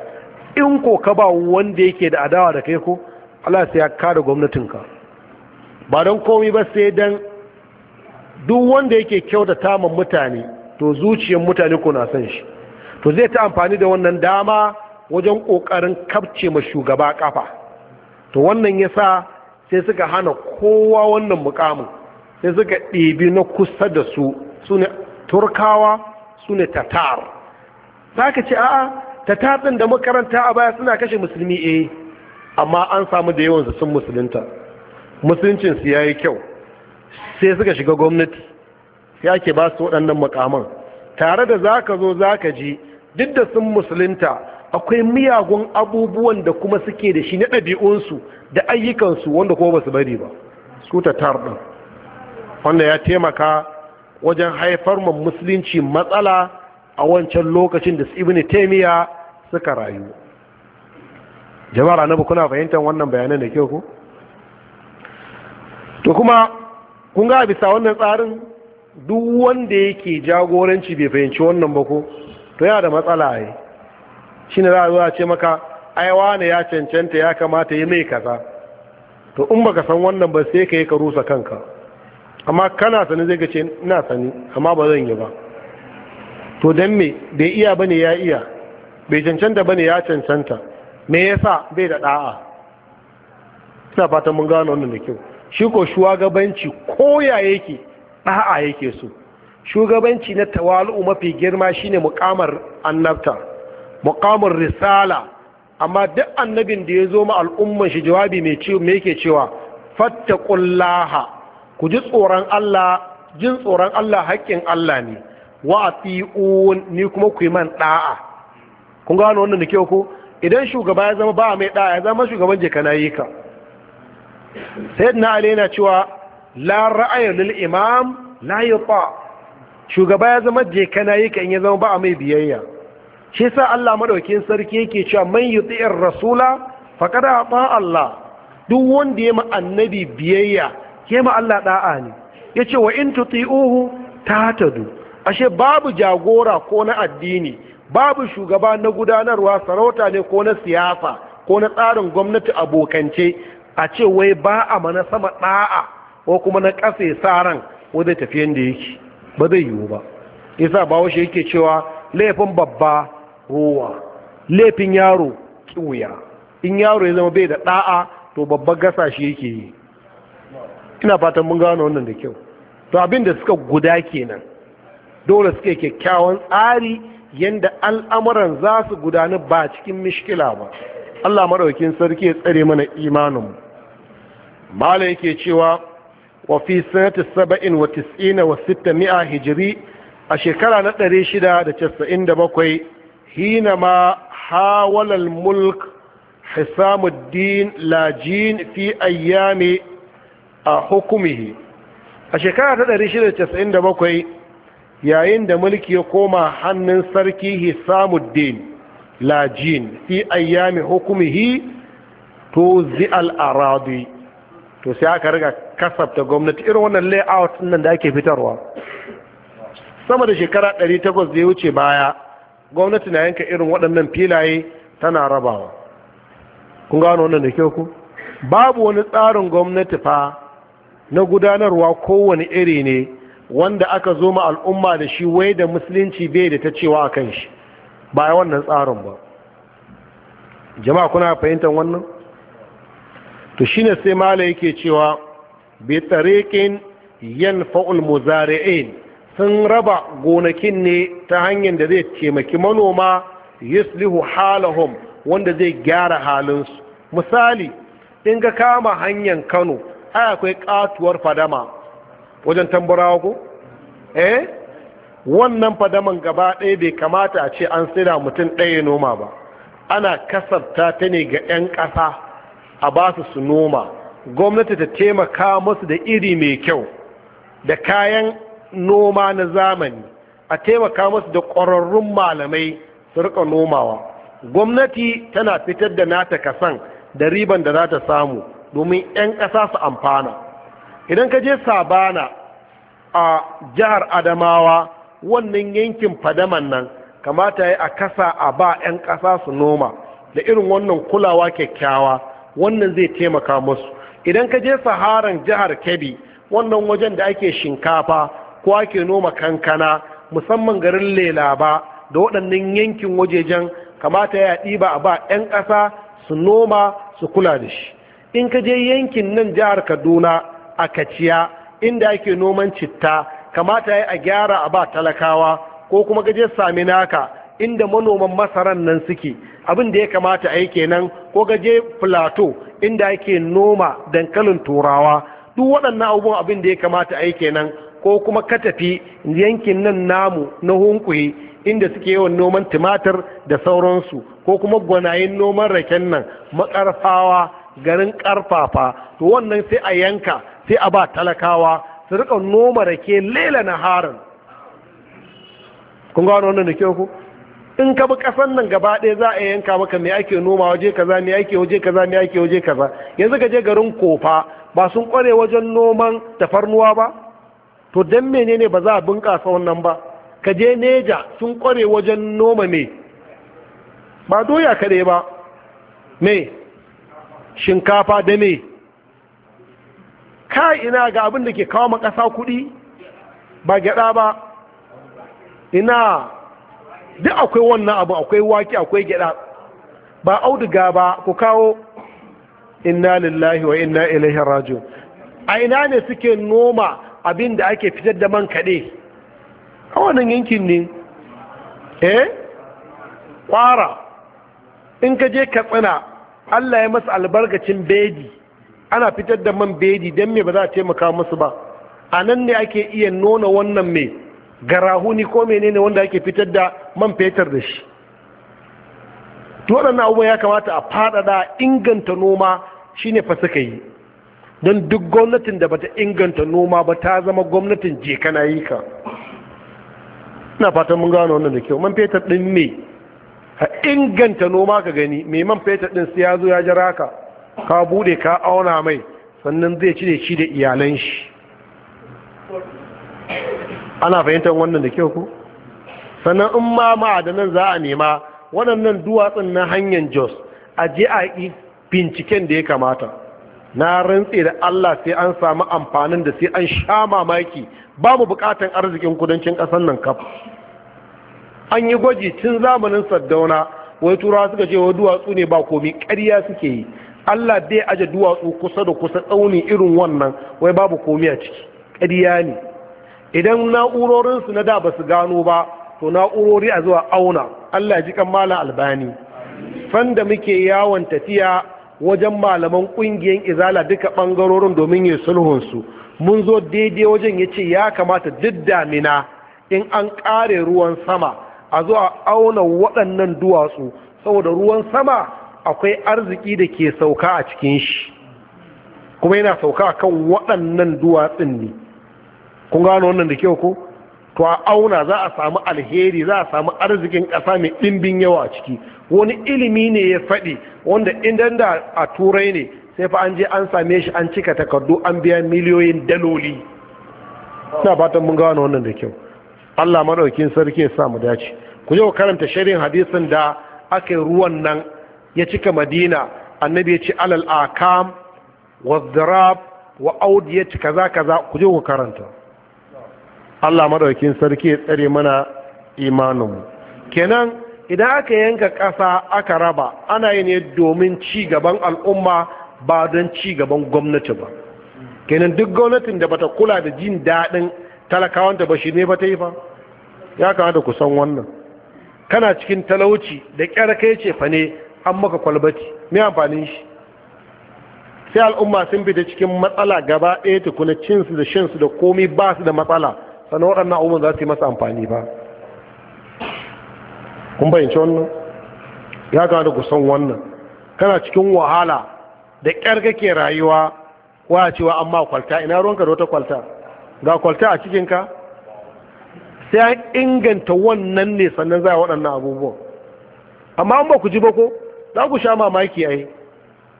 in ko ka ba wanda yake da adawa da kai ko Allah sai ya kada gwamnatinka ba don komai ba sai dan duk wanda yake kyauta tama mutane to zuciyar mutane ko na san shi to zai ta amfani da wannan dama wajen kokarin kafce ma shugaba kafa to wannan yasa sai suka hana kowa wannan mukamin sai suka ɗebi na kusa da su su ne turkawa su ne tatar za ka ce a'a tatar ɗin da makaranta a baya suna kashe musulmi eh amma an samu da yawansu sun musulunta su ya yi kyau sai suka shiga gwamnati sai ke ba su waɗannan makaman tare da za ka zo za ka ji duk da sun musulunta akwai miyagun abubuwan da kuma suke da shi na ɗabi'unsu da ayyukansu wanda kuma ba su bari ba su tattar ɗin wanda ya taimaka wajen haifar ma musulunci matsala a wancan lokacin da ibn taimiyya suka rayu jama'ar na kuna fahimtar wannan bayanan da kyau ku to kuma kun ga bisa wannan tsarin duk wanda yake jagoranci bai fahimci wannan ba ko to yana da matsala ai shine za a zo a ce maka ai ya cancanta ya kamata ya mai kaza to in baka san wannan ba sai ka yi ka rusa kanka amma kana sani zai gace ina sani amma ba zan yi ba to don me bai iya bane ya iya bai cancanta bane ya cancanta me yasa bai da da'a ina fatan mun gano wannan da kyau shi ko shugabanci koya yake da'a yake so shugabanci na tawalu mafi girma shine mukamar annabta mukamar risala amma duk annabin da ya zo ma al'umman shi jawabi mai ce me yake cewa fattaqullaha ku ji tsoron Allah jin tsoron Allah haƙƙin Allah ne wa ati'un ni kuma ku yi man ɗa'a. kun gano wannan da kyau ko idan shugaba ya zama ba mai da'a ya zama shugaban je kana yi ka na ali yana cewa la ra'ayu lil imam la yuta shugaba ya zama je kana yi ka in ya zama ba mai biyayya shi sa Allah maɗaukin sarki yake cewa man yuti'ir rasula faqad ata Allah duk wanda ya ma annabi biyayya ke ma Allah da'a ne ya ce wa in ta tahtadu ashe babu jagora ko na addini babu shugaba na gudanarwa sarauta ne ko na siyasa ko na tsarin gwamnati abokance a ce wai ba a mana sama da'a ko kuma na ƙasa sa ran ko zai tafi yadda yake ba zai yiwu ba yasa ba washe yake cewa laifin babba ruwa laifin yaro kiwuya in yaro ya zama bai da da'a to babba gasa shi yake yi ina fatan mun gano wannan da kyau to abin da suka guda kenan dole suke kyakkyawan tsari yadda al'amuran za su gudanu ba cikin mishkila ba Allah maraukin sarki ya tsare mana imaninmu Malam yake cewa wa fi sanata saba'in wa tis'ina wa sitta mi'a hijiri a shekara na ɗari shida da casa'in da bakwai hina ma hawalal mulk hisamuddin lajin fi ayyami a hukumihi a shekara ta 697 yayin da mulki ya koma hannun sarki hisamuddin lajin fi ayyami hukumihi to zi al'arabi, to sai aka riga kasafta gwamnati irin wannan layout nan da ake fitarwa sama da shekara 800 da ya wuce baya gwamnati na yanka irin waɗannan filaye tana rabawa kun gano wannan da kyau ku babu wani tsarin gwamnati fa na gudanarwa kowane iri ne wanda aka zo ma al'umma da shi wai da musulunci bai da ta cewa a kan shi ba ya wannan tsarin ba jama'a kuna fahimtar wannan to shine sai mala yake cewa bi Yan Fa'ul muzari'in sun raba gonakin ne ta hanyar da zai taimaki manoma yuslihu halahum wanda zai gyara halinsu misali in ga kama hanyar Kano ai akwai katuwar fadama wajen tambarawa ko eh wannan fadaman gaba ɗaya bai kamata a ce an tsira mutum ɗaya noma ba ana kasarta ta ne ga 'yan ƙasa a ba su su noma gwamnati ta taimaka musu da iri mai kyau da kayan noma na zamani a taimaka musu da ƙwararrun malamai su rika nomawa gwamnati tana fitar da nata kasan da riban da za ta samu domin 'yan ƙasa su amfana idan ka je sabana a jihar adamawa wannan yankin fadaman nan kamata ya a kasa a ba 'yan ƙasa su noma da irin wannan kulawa kyakkyawa wannan zai taimaka musu idan ka je saharan jihar kebbi wannan wajen da ake shinkafa ko ake noma kankana musamman garin lela ba da waɗannan yankin wajejen kamata ya ɗiba a ba 'yan ƙasa su noma su kula da shi in ka je yankin nan jihar kaduna a kaciya inda ake noman citta kamata ya a gyara a ba talakawa ko kuma gaje sami naka inda manoman masaran nan suke abin da ya kamata a yi kenan ko gaje filato inda ake noma dankalin turawa duk waɗannan abubuwan abin da ya kamata a yi kenan ko kuma ka tafi yankin nan namu na hunkuyi inda suke yawan noman tumatir da sauransu ko kuma gwanayen noman raken nan makarfawa garin ƙarfafa, to wannan sai a yanka sai a ba talakawa su rika noma rake lela na harin kun gano wannan da ke ku in ka bi kasan nan gaba ɗaya za a yanka maka mai ake noma waje kaza mai ake waje kaza me ake waje kaza yanzu ka je garin kofa ba sun kware wajen noman tafarnuwa ba to dan menene ba za a bunƙasa wannan ba ka je neja sun kware wajen noma me ba doya kaɗai ba me shinkafa da me ka ina ga abin da ke kawo ma ƙasa kuɗi ba gyaɗa ba ina duk akwai wannan abu akwai waki akwai gyaɗa ba auduga ba ku kawo inna lillahi wa inna ilaihi rajiun a ina ne suke noma abin da ake fitar da man kaɗe a wannan yankin ne eh ƙwara in ka je katsina Allah ya masa albarkacin bedi ana fitar da man bedi don me ba za a taimaka musu ba a nan ne ake iya nuna wannan mai garahuni ko menene wanda ake fitar da man fetur da shi waɗannan abubuwan ya kamata a faɗaɗa inganta noma shine fa suka yi don duk gwamnatin da bata inganta noma ba ta zama gwamnatin je kana yi ka ina fatan mun gano wannan da kyau man fetur ɗin me. ka inganta noma ka gani mai man fetur ɗin sai ya zo ya jira ka ka bude ka auna mai sannan zai cire shi da iyalan shi ana fahimtar wannan da kyau ko sannan in ma ma'adanan za a nema waɗannan duwatsun na hanyar jos a je a yi binciken da ya kamata na rantse da allah sai an samu amfanin da sai an sha mamaki ba mu bukatan arzikin kudancin ƙasar nan kafa an yi gwaji tun zamanin saddauna wai turawa suka ce wa duwatsu ne ba komi ƙarya suke yi Allah dai aje duwatsu kusa da kusa tsauni irin wannan wai babu komi a ciki ƙarya ne idan na'urorinsu na da ba su gano ba to na'urori a zuwa auna Allah ji kan malam albani da muke yawon tafiya wajen malaman ƙungiyar izala duka ɓangarorin domin yin sulhunsu mun zo daidai wajen ya ce ya kamata duk damina in an ƙare ruwan sama a zuwa auna waɗannan duwatsu saboda ruwan sama akwai arziki da ke sauka a cikin shi kuma yana sauka a kan waɗannan duwatsun ne kun gano wannan da kyau ko to a auna za a samu alheri za a samu arzikin ƙasa mai ɗimbin yawa a ciki wani ilimi ne ya faɗi wanda idan da a turai ne sai fa an je an same shi an cika takardu an biya miliyoyin daloli na fatan mun gano wannan da kyau Allah madaukin sarki ya sa mu dace ku je ku karanta sharhin hadisin da aka ruwan nan ya cika Madina annabi ya ce alal akam wa dhirab wa audiyat kaza kaza ku je ku karanta Allah madaukin sarki ya tsare mana imanin mu kenan idan aka yanka ƙasa aka raba ana yi ne domin ci gaban al'umma ba don ci gaban gwamnati ba kenan duk gwamnatin da bata kula da jin daɗin talakawanta ba shi ne ba ta yi fa ya kamata ku san wannan kana cikin talauci da kyar kai ce fa ne an maka kwalbati me amfanin shi sai al'umma sun fita cikin matsala gaba ɗaya kuna cinsu da shansu da komi ba su da matsala sannan waɗannan abubuwan za su yi masa amfani ba kun bayyance wannan ya kamata ku san wannan kana cikin wahala da ƙyar kake rayuwa wa cewa amma kwalta ina ruwanka da wata kwalta ga kwalta a cikinka sai an inganta wannan ne sannan za a waɗannan abubuwan amma an ba ku ji ba ko za ku sha mamaki yi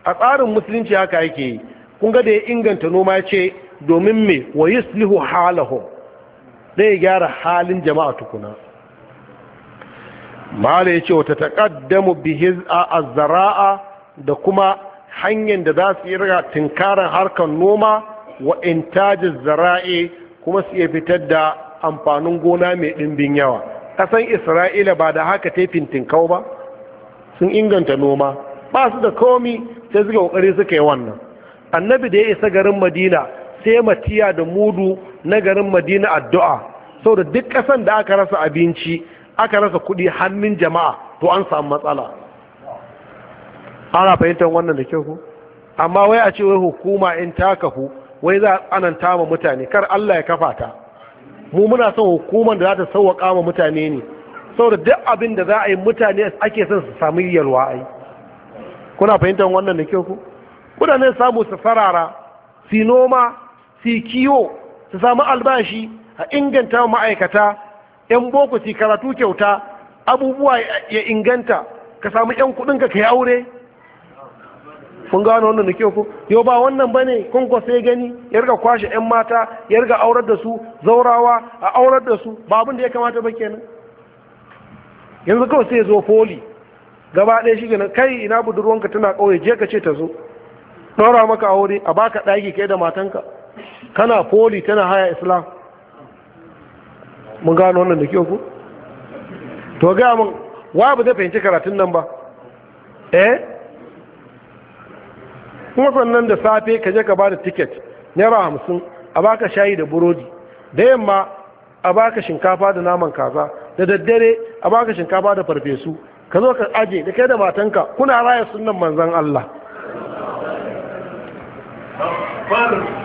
a tsarin musulunci haka yake yi kun ga da ya inganta noma ya ce domin me wa sulihu halahu zai gyara halin jama'a tukuna mala ya ce wata taƙaddamu bihi a zara'a da kuma hanyar da za su yi riga tunkarar harkar noma wa intajin zara'i kuma su iya fitar da amfanin gona mai ɗimbin yawa ƙasan isra'ila ba da haka taifin kau ba sun inganta noma ba su da komi sai suka ƙoƙari suka yi wannan annabi da ya isa garin madina sai matiya da mudu na garin madina addu'a Sau da duk ƙasan da aka rasa abinci aka rasa kuɗi hannun jama'a to an samu matsala ana fahimtar wannan da kyau ko amma wai a ce wai hukuma in ta kafu wai za a tsananta ma mutane kar Allah ya kafa ta mu muna son hukumar da za ta sauwaka wa mutane ne saboda duk abin da za a yi mutane ake son su samu yalwa ai kuna fahimtar wannan da kyau ku mutane samu su farara su noma su kiwo su samu albashi a inganta ma'aikata yan boko su karatu kyauta abubuwa ya inganta ka samu yan kuɗinka ka kai aure kun gano wannan da ke ku yau ba wannan bane kun ko sai gani ya riga kwashe yan mata ya riga aurar da su zaurawa a aurar da su ba abin da ya kamata ba kenan yanzu kawai sai zo foli gaba ɗaya shi kenan kai ina budurwanka tana ƙauye je ka ce ta zo ɗora maka aure a baka ɗaki kai da matanka kana foli tana haya islam mun gano wannan da ke ku to ga mun wa ba zai fahimci karatun nan ba eh kuma sannan da safe ka je ka ba da tiket naira hamsin a baka shayi da burodi da yamma a baka shinkafa da naman kaza da daddare a baka shinkafa da farfesu ka zo ka aje da kai da matanka kuna raya sunan manzan Allah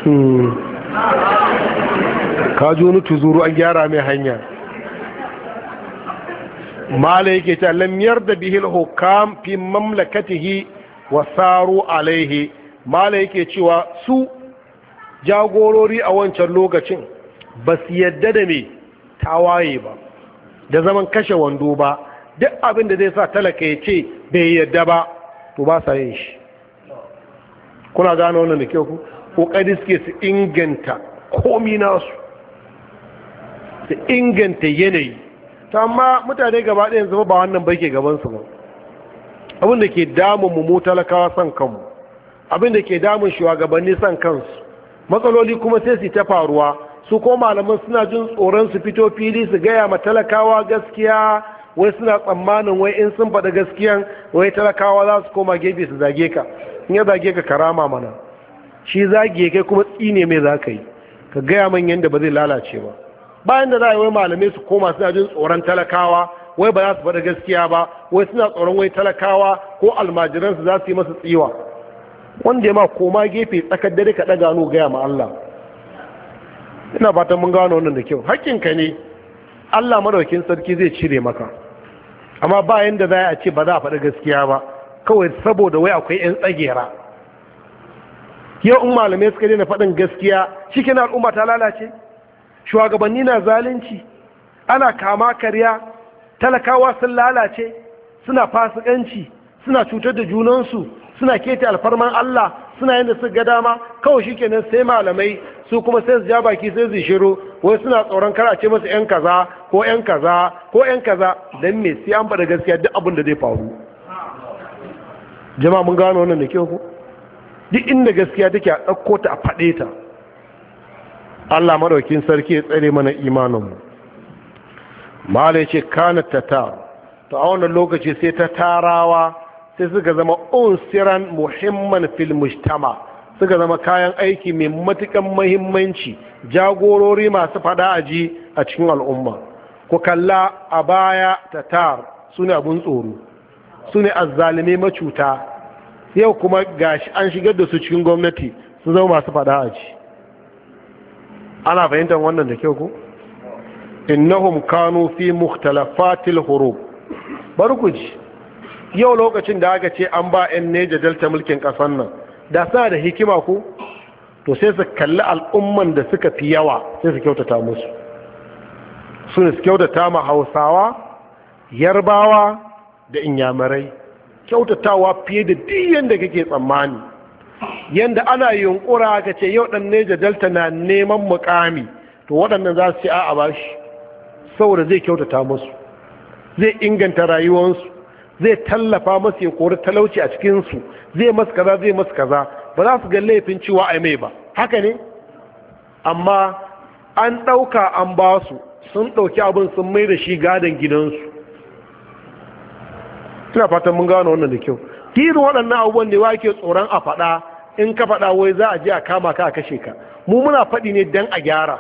hmm. ka ji wani tuzuru an gyara mai hanya mala yake ta lamiyar da bihil hukam fi mamlakatihi wasaru alaihi mala yake cewa su jagorori a wancan lokacin ba su yadda da me tawaye ba da zaman kashe wando ba duk abin da zai sa talaka ya ce bai yadda ba to ba sa yin shi kuna gano wannan da kyau ku kokari suke su inganta komi nasu su inganta yanayi ta amma mutane gaba ɗayan zama ba wannan bai ke gabansu ba abin da ke damun mu mu talakawa son kanmu Abinda ke damun shugabanni san kansu matsaloli kuma sai su ta faruwa su ko malaman suna jin tsoron su fito fili su gaya ma talakawa gaskiya wai suna tsammanin wai in sun faɗi gaskiyan wai talakawa za su koma gefe su zage ka in ya zage ka karama mana shi zage kai kuma tsine mai za ka yi ka gaya man yadda ba zai lalace ba bayan da za a yi wai malamai su koma suna jin tsoron talakawa wai ba za su faɗi gaskiya ba wai suna tsoron wai talakawa ko almajiransu za su yi masa tsiwa wanda ya ma koma gefe tsakar dare ka ɗaga gaya ma Allah ina fatan mun gano wannan da kyau haƙƙinka ne Allah madaukin sarki zai cire maka amma bayan da za a ce ba za a faɗi gaskiya ba kawai saboda wai akwai 'yan tsagera yau in malamai suka daina faɗin gaskiya cikin al'umma ta lalace shugabanni na zalunci ana kama karya talakawa sun lalace suna fasikanci suna cutar da junansu suna keta alfarman Allah suna yin da su ga dama kawai shi kenan sai malamai su kuma sai su ja baki sai su shiru wai suna tsoron kar a ce masu yan kaza ko yan kaza ko yan kaza dan me sai an bada gaskiya duk abin da zai faru jama'a mun gano wannan da kyau ko duk inda gaskiya take a ɗauko ta a faɗe ta Allah madaukin sarki ya tsare mana imanin mu malai ce kana ta ta to a wannan lokaci sai ta tarawa sai suka zama unsiran muhimman fil mujtama suka zama kayan aiki mai matukan mahimmanci jagorori masu fada aji a cikin al'umma ku kalla a baya tar su ne abun tsoro su ne azzalime macuta yau kuma gashi an shigar da su cikin gwamnati su zama masu fada ji ana fahimtar wannan da kyau ko innahum kanu fi muktalafatil hurub bari ku ji yau lokacin da aka ce an ba 'yan neja delta mulkin ƙasar nan da sa da hikima ku to sai su kalli al'umman da suka fi yawa sai su kyautata musu su ne su kyautata ma hausawa yarbawa da inyamurai kyautatawa fiye da diyan da kake tsammani yanda ana yunkura aka ce yau ɗan neja delta na neman mukami to waɗannan za su ce a'a ba shi saboda zai kyautata musu zai inganta rayuwarsu zai tallafa masu ya kori talauci a cikinsu zai masu kaza zai masu kaza ba za su ga laifin cewa a mai ba haka ne amma an ɗauka an ba su sun ɗauki abin sun mai da shi gadon gidansu ina fatan mun gano wannan da kyau tiri waɗannan abubuwan ne wa ke tsoron a faɗa in ka faɗa wai za a je a kama ka a kashe ka mu muna faɗi ne don a gyara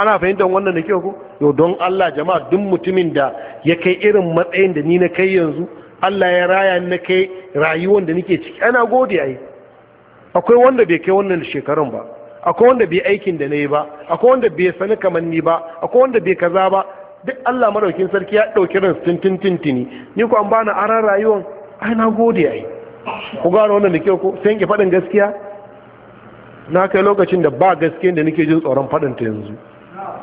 ana fahimtar wannan da kyau ko yau don Allah jama'a duk mutumin da ya kai irin matsayin da ni na kai yanzu Allah ya raya na kai rayuwar da nake ciki ana gode ai akwai wanda bai kai wannan shekarun ba akwai wanda bai aikin da nayi ba akwai wanda bai sani kamar ni ba akwai wanda bai kaza ba duk Allah madaukin sarki ya ɗauki ran tintin tintini ni ko an bani aran rayuwar ai na gode ai ku gano wannan da kyau ko sai ki faɗin gaskiya na kai lokacin da ba gaskiyan da nake jin tsoron faɗin ta yanzu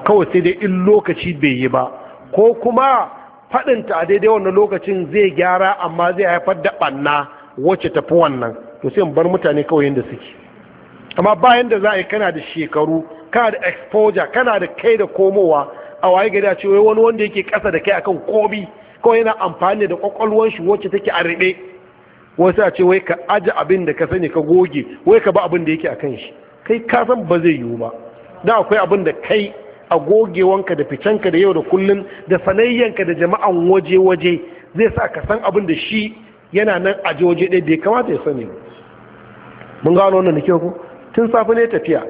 kawai sai dai in lokaci bai yi ba ko kuma faɗinta a daidai wannan lokacin zai gyara amma zai haifar da ɓanna wacce tafi wannan to sai bar mutane kawai yadda suke amma bayan da za a yi kana da shekaru kana da exposure kana da kai da komowa a waye gari a ce wai wani wanda yake kasa da kai akan komi kawai yana amfani da kwakwalwar shi wacce take a riɓe wasu a ce wai ka aji abin da ka sani ka goge wai ka ba abin da yake a kan shi kai kasan ba zai yiwu ba da akwai abin da kai a gogewanka da ficenka da yau da kullum da sanayyanka da jama'an waje-waje zai sa ka san abin da shi yana nan a waje ɗaya da ya kamata ya sani mun gano wannan da kyau ku tun safi ne tafiya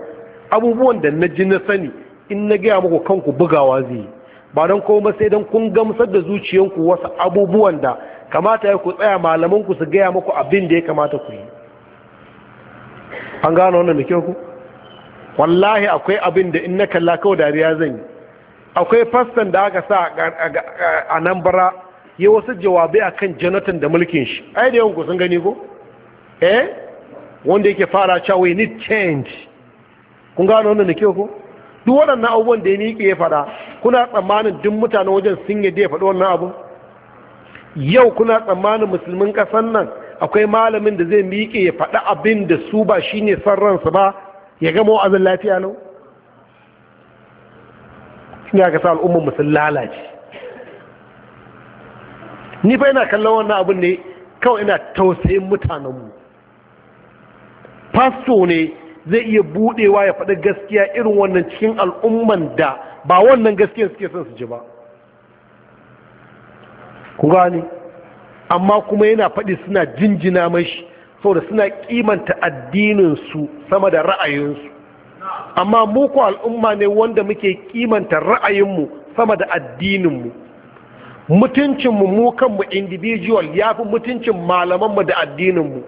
abubuwan da na ji na sani in na gaya muku kanku bugawa zai ba don kuma sai don kun gamsar da zuciyanku wasu abubuwan da kamata ya ku tsaya malamanku su gaya muku abin da ya kamata ku yi an gano wannan da kyau ku wallahi akwai abin da in na kalla kawai dariya zan yi akwai fastan da aka sa a nan bara yi wasu jawabai a kan jonathan da mulkin shi ai da yawan sun gani ko eh wanda yake fara cewa we need change kun gano wannan da ke ku? duk waɗannan abubuwan da ya miƙe ya faɗa kuna tsammanin duk mutanen wajen sun da ya faɗi wannan abu yau kuna tsammanin musulmin ƙasar nan akwai malamin da zai miƙe ya faɗi abin da su ba shine son ransu ba ya gama wa'azin lafiya lau shi ne kasa al'ummar musul lalace ni fa ina kallon wannan abin ne kawai ina tausayin mutanenmu fasto ne zai iya budewa ya faɗi gaskiya irin wannan cikin al'umman da ba wannan gaskiyar suke son su ji ba ku gani amma kuma yana faɗi suna jinjina mashi saboda suna kimanta addininsu sama da ra'ayinsu amma muku al'umma ne wanda muke kimanta ra'ayinmu sama da addininmu mutuncinmu mu kanmu individual ya fi mutuncin malamanmu da addininmu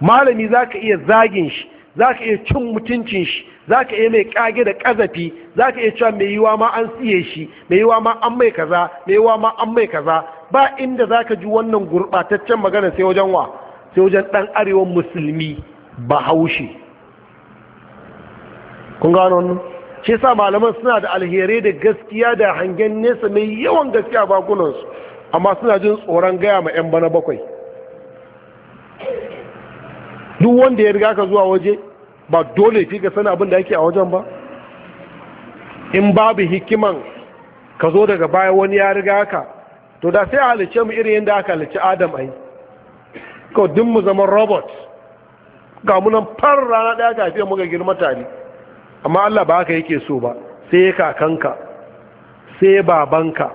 malami za ka iya zagin shi za ka iya cin mutuncin shi za ka iya mai kage da kazafi za ka iya cewa mai yiwa ma an siye shi mai yiwa ma an mai kaza mai yiwa ma an mai kaza ba inda za ka ji wannan gurɓataccen magana sai wajen wa sai wajen ɗan arewa musulmi ba haushe kun gano wannan shi sa malaman suna da alherai da gaskiya da hangen nesa mai yawan gaskiya bakunansu amma suna jin tsoron gaya ma 'yan bana bakwai duk wanda ya riga ka zuwa waje ba dole fi ka sani abin da yake a wajen ba in babu hikiman ka zo daga baya wani ya riga ka to da sai a halice mu irin yadda aka halice adam ai kawai din mu zama robot ga munan far rana daya fiye muka girma tare amma Allah ba haka yake so ba sai kakanka sai babanka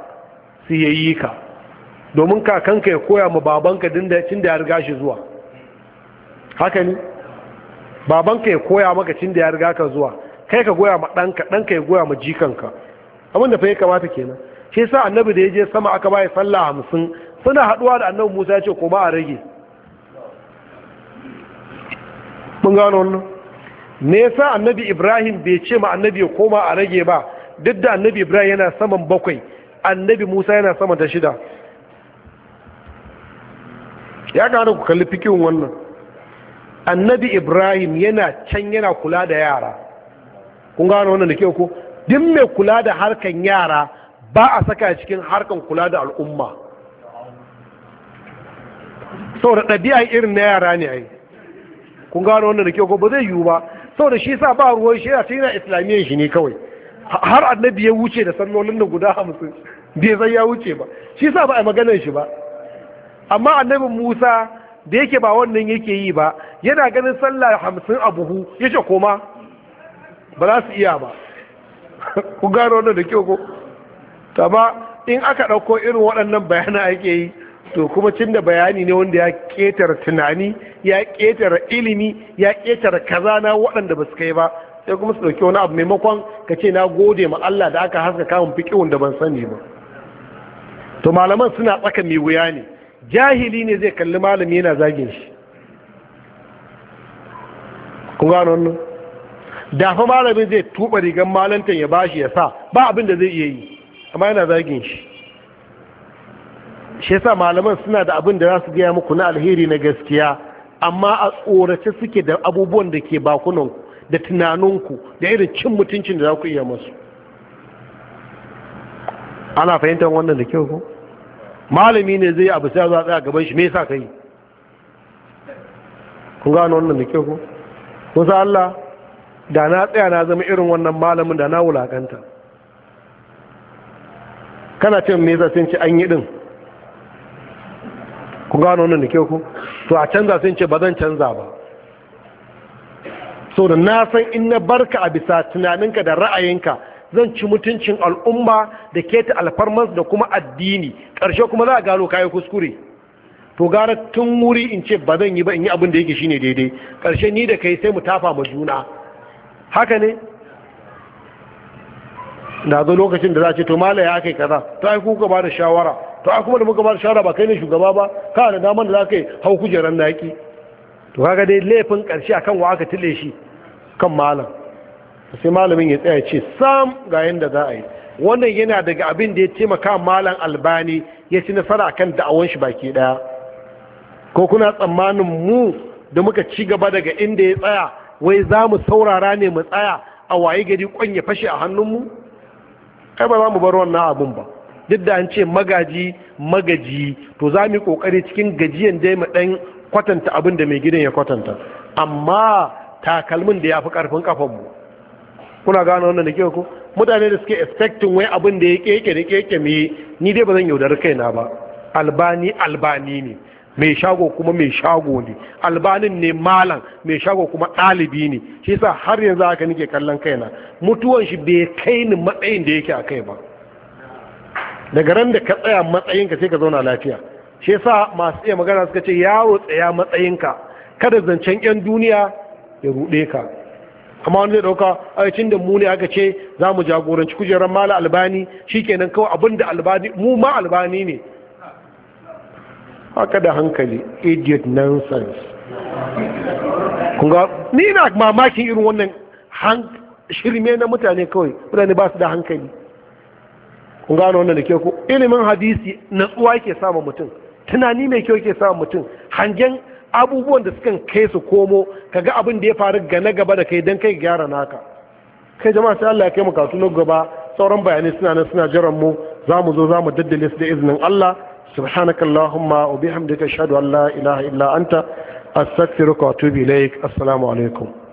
sai yayi ka domin kakanka ya koya ma babanka din da cin da ya riga shi zuwa haka ni babanka ya koya maka cin da ya riga ka zuwa kai ka goya ma ɗanka ɗanka ya goya ma jikanka abin da fa ya kamata kenan shi yasa annabi da ya je sama aka ya sallah hamsin suna haɗuwa da annabi musa ya ce ko ba a rage mun gano wannan me yasa annabi ibrahim bai ce ma annabi ya koma a rage ba duk da annabi ibrahim yana saman bakwai annabi musa yana saman ta shida ya gano ku kalli fikin wannan annabi ibrahim yana can yana kula da yara kun gano wannan da kyau ko duk mai kula da harkan yara ba a saka cikin harkan kula da al'umma saboda ɗabi'a irin na yara ne ai kun gano wannan da kyau ko ba zai yiwu ba saboda shi sa ba ruwan shi yana cikin islamiyyar shi ne kawai har annabi ya wuce da sallolin da guda hamsin bai zai ya wuce ba shi sa ba a maganar shi ba amma annabin musa da yake ba wannan yake yi ba yana ganin sallah hamsin a buhu ya ce koma ba za su iya ba ku gano wannan da kyau ko ta ba in aka ɗauko irin waɗannan bayanan ake yi to kuma cin bayani ne wanda ya ƙetare tunani ya ƙetare ilimi ya ƙetare kazana waɗanda ba su kai ba sai kuma su ɗauki wani abu maimakon ka ce na gode ma Allah da aka haska kamun fiƙi da ban sani ba to malaman suna tsaka mai wuya ne jahili ne zai kalli malami yana zagin shi kun gano wannan da fa malamin zai tuba rigan malantan ya bashi ya sa ba abin da zai iya yi amma yana zagin shi shi yasa malaman suna da abin da za su gaya muku na alheri na gaskiya amma a tsorace suke da abubuwan da ke bakunanku da tunaninku da irin cin mutuncin da za ku iya masu ana fahimtar wannan da kyau ko malami ne zai abu sai za a gaban shi me yasa kai kun gano wannan da kyau ko kun san Allah da na tsaya na zama irin wannan malamin da na wulakanta kana cin me yasa sun ci an yi din ku gano nan da ke ku to a canza sun ce ba zan canza ba so da na san in na barka a bisa tunaninka da ra'ayinka zan ci mutuncin al'umma da keta alfarmas da kuma addini ƙarshe kuma za a gano kayan kuskure to gara tun wuri in ce ba zan yi ba in yi abin da yake shine daidai ƙarshe ni da kai sai mu tafa ma juna haka ne na zo lokacin da za a ce to mala ya kai kaza ta yi kuka ba da shawara to a kuma da muka ba shara ba kai ne shugaba ba ka da daman da za ka yi hau kujerar naki to kaga dai laifin karshe akan wa aka tile shi kan malam sai malamin ya tsaya ce sam ga yadda za a yi wannan yana daga abin da ya taimaka malam albani ya ci nasara kan da'awon shi baki daya ko kuna tsammanin mu da muka ci gaba daga inda ya tsaya wai za mu saurara ne mu tsaya a waye gari kwan ya fashe a hannunmu? ai ba za mu bar wannan abun ba duk da an ce magaji magaji to za mu yi kokari cikin gajiyan dai mu dan kwatanta abin da mai gidan ya kwatanta amma takalmin da ya fi karfin kafanmu kuna gano wannan da ke ku mutane da suke expecting wai abin da ya keke da keke me ni dai ba zan yaudari kaina ba albani albani ne mai shago kuma mai shago ne albanin ne malam mai shago kuma ɗalibi ne shi yasa har yanzu haka nake kallon kaina mutuwan shi bai kai ni matsayin da yake a kai ba daga ran da ka tsaya matsayinka sai ka zauna lafiya shi yasa masu iya magana suka ce yawo tsaya matsayinka kada zancen yan duniya ya rude ka amma wani zai ɗauka aicin da mu ne aka ce za mu jagoranci kujerar mala albani shikenan kawai abin da albani mu ma albani ne haka da hankali idiot nonsense kunga ni na mamakin irin wannan shirme na mutane kawai mutane ba su da hankali kun gano wannan da ke ku ilimin hadisi natsuwa ke samun mutum tunani mai kyau ke samun mutum hangen abubuwan da suka kai su komo ka ga abin da ya faru gane gaba da kai don kai gyara naka kai jama'a sai Allah ya kai mu kasu na gaba sauran bayanai suna nan suna jiran mu za mu zo za mu daddale su da izinin Allah subhanakallahumma wa bihamdika ashhadu an la ilaha illa anta astaghfiruka wa atubu ilaik assalamu alaikum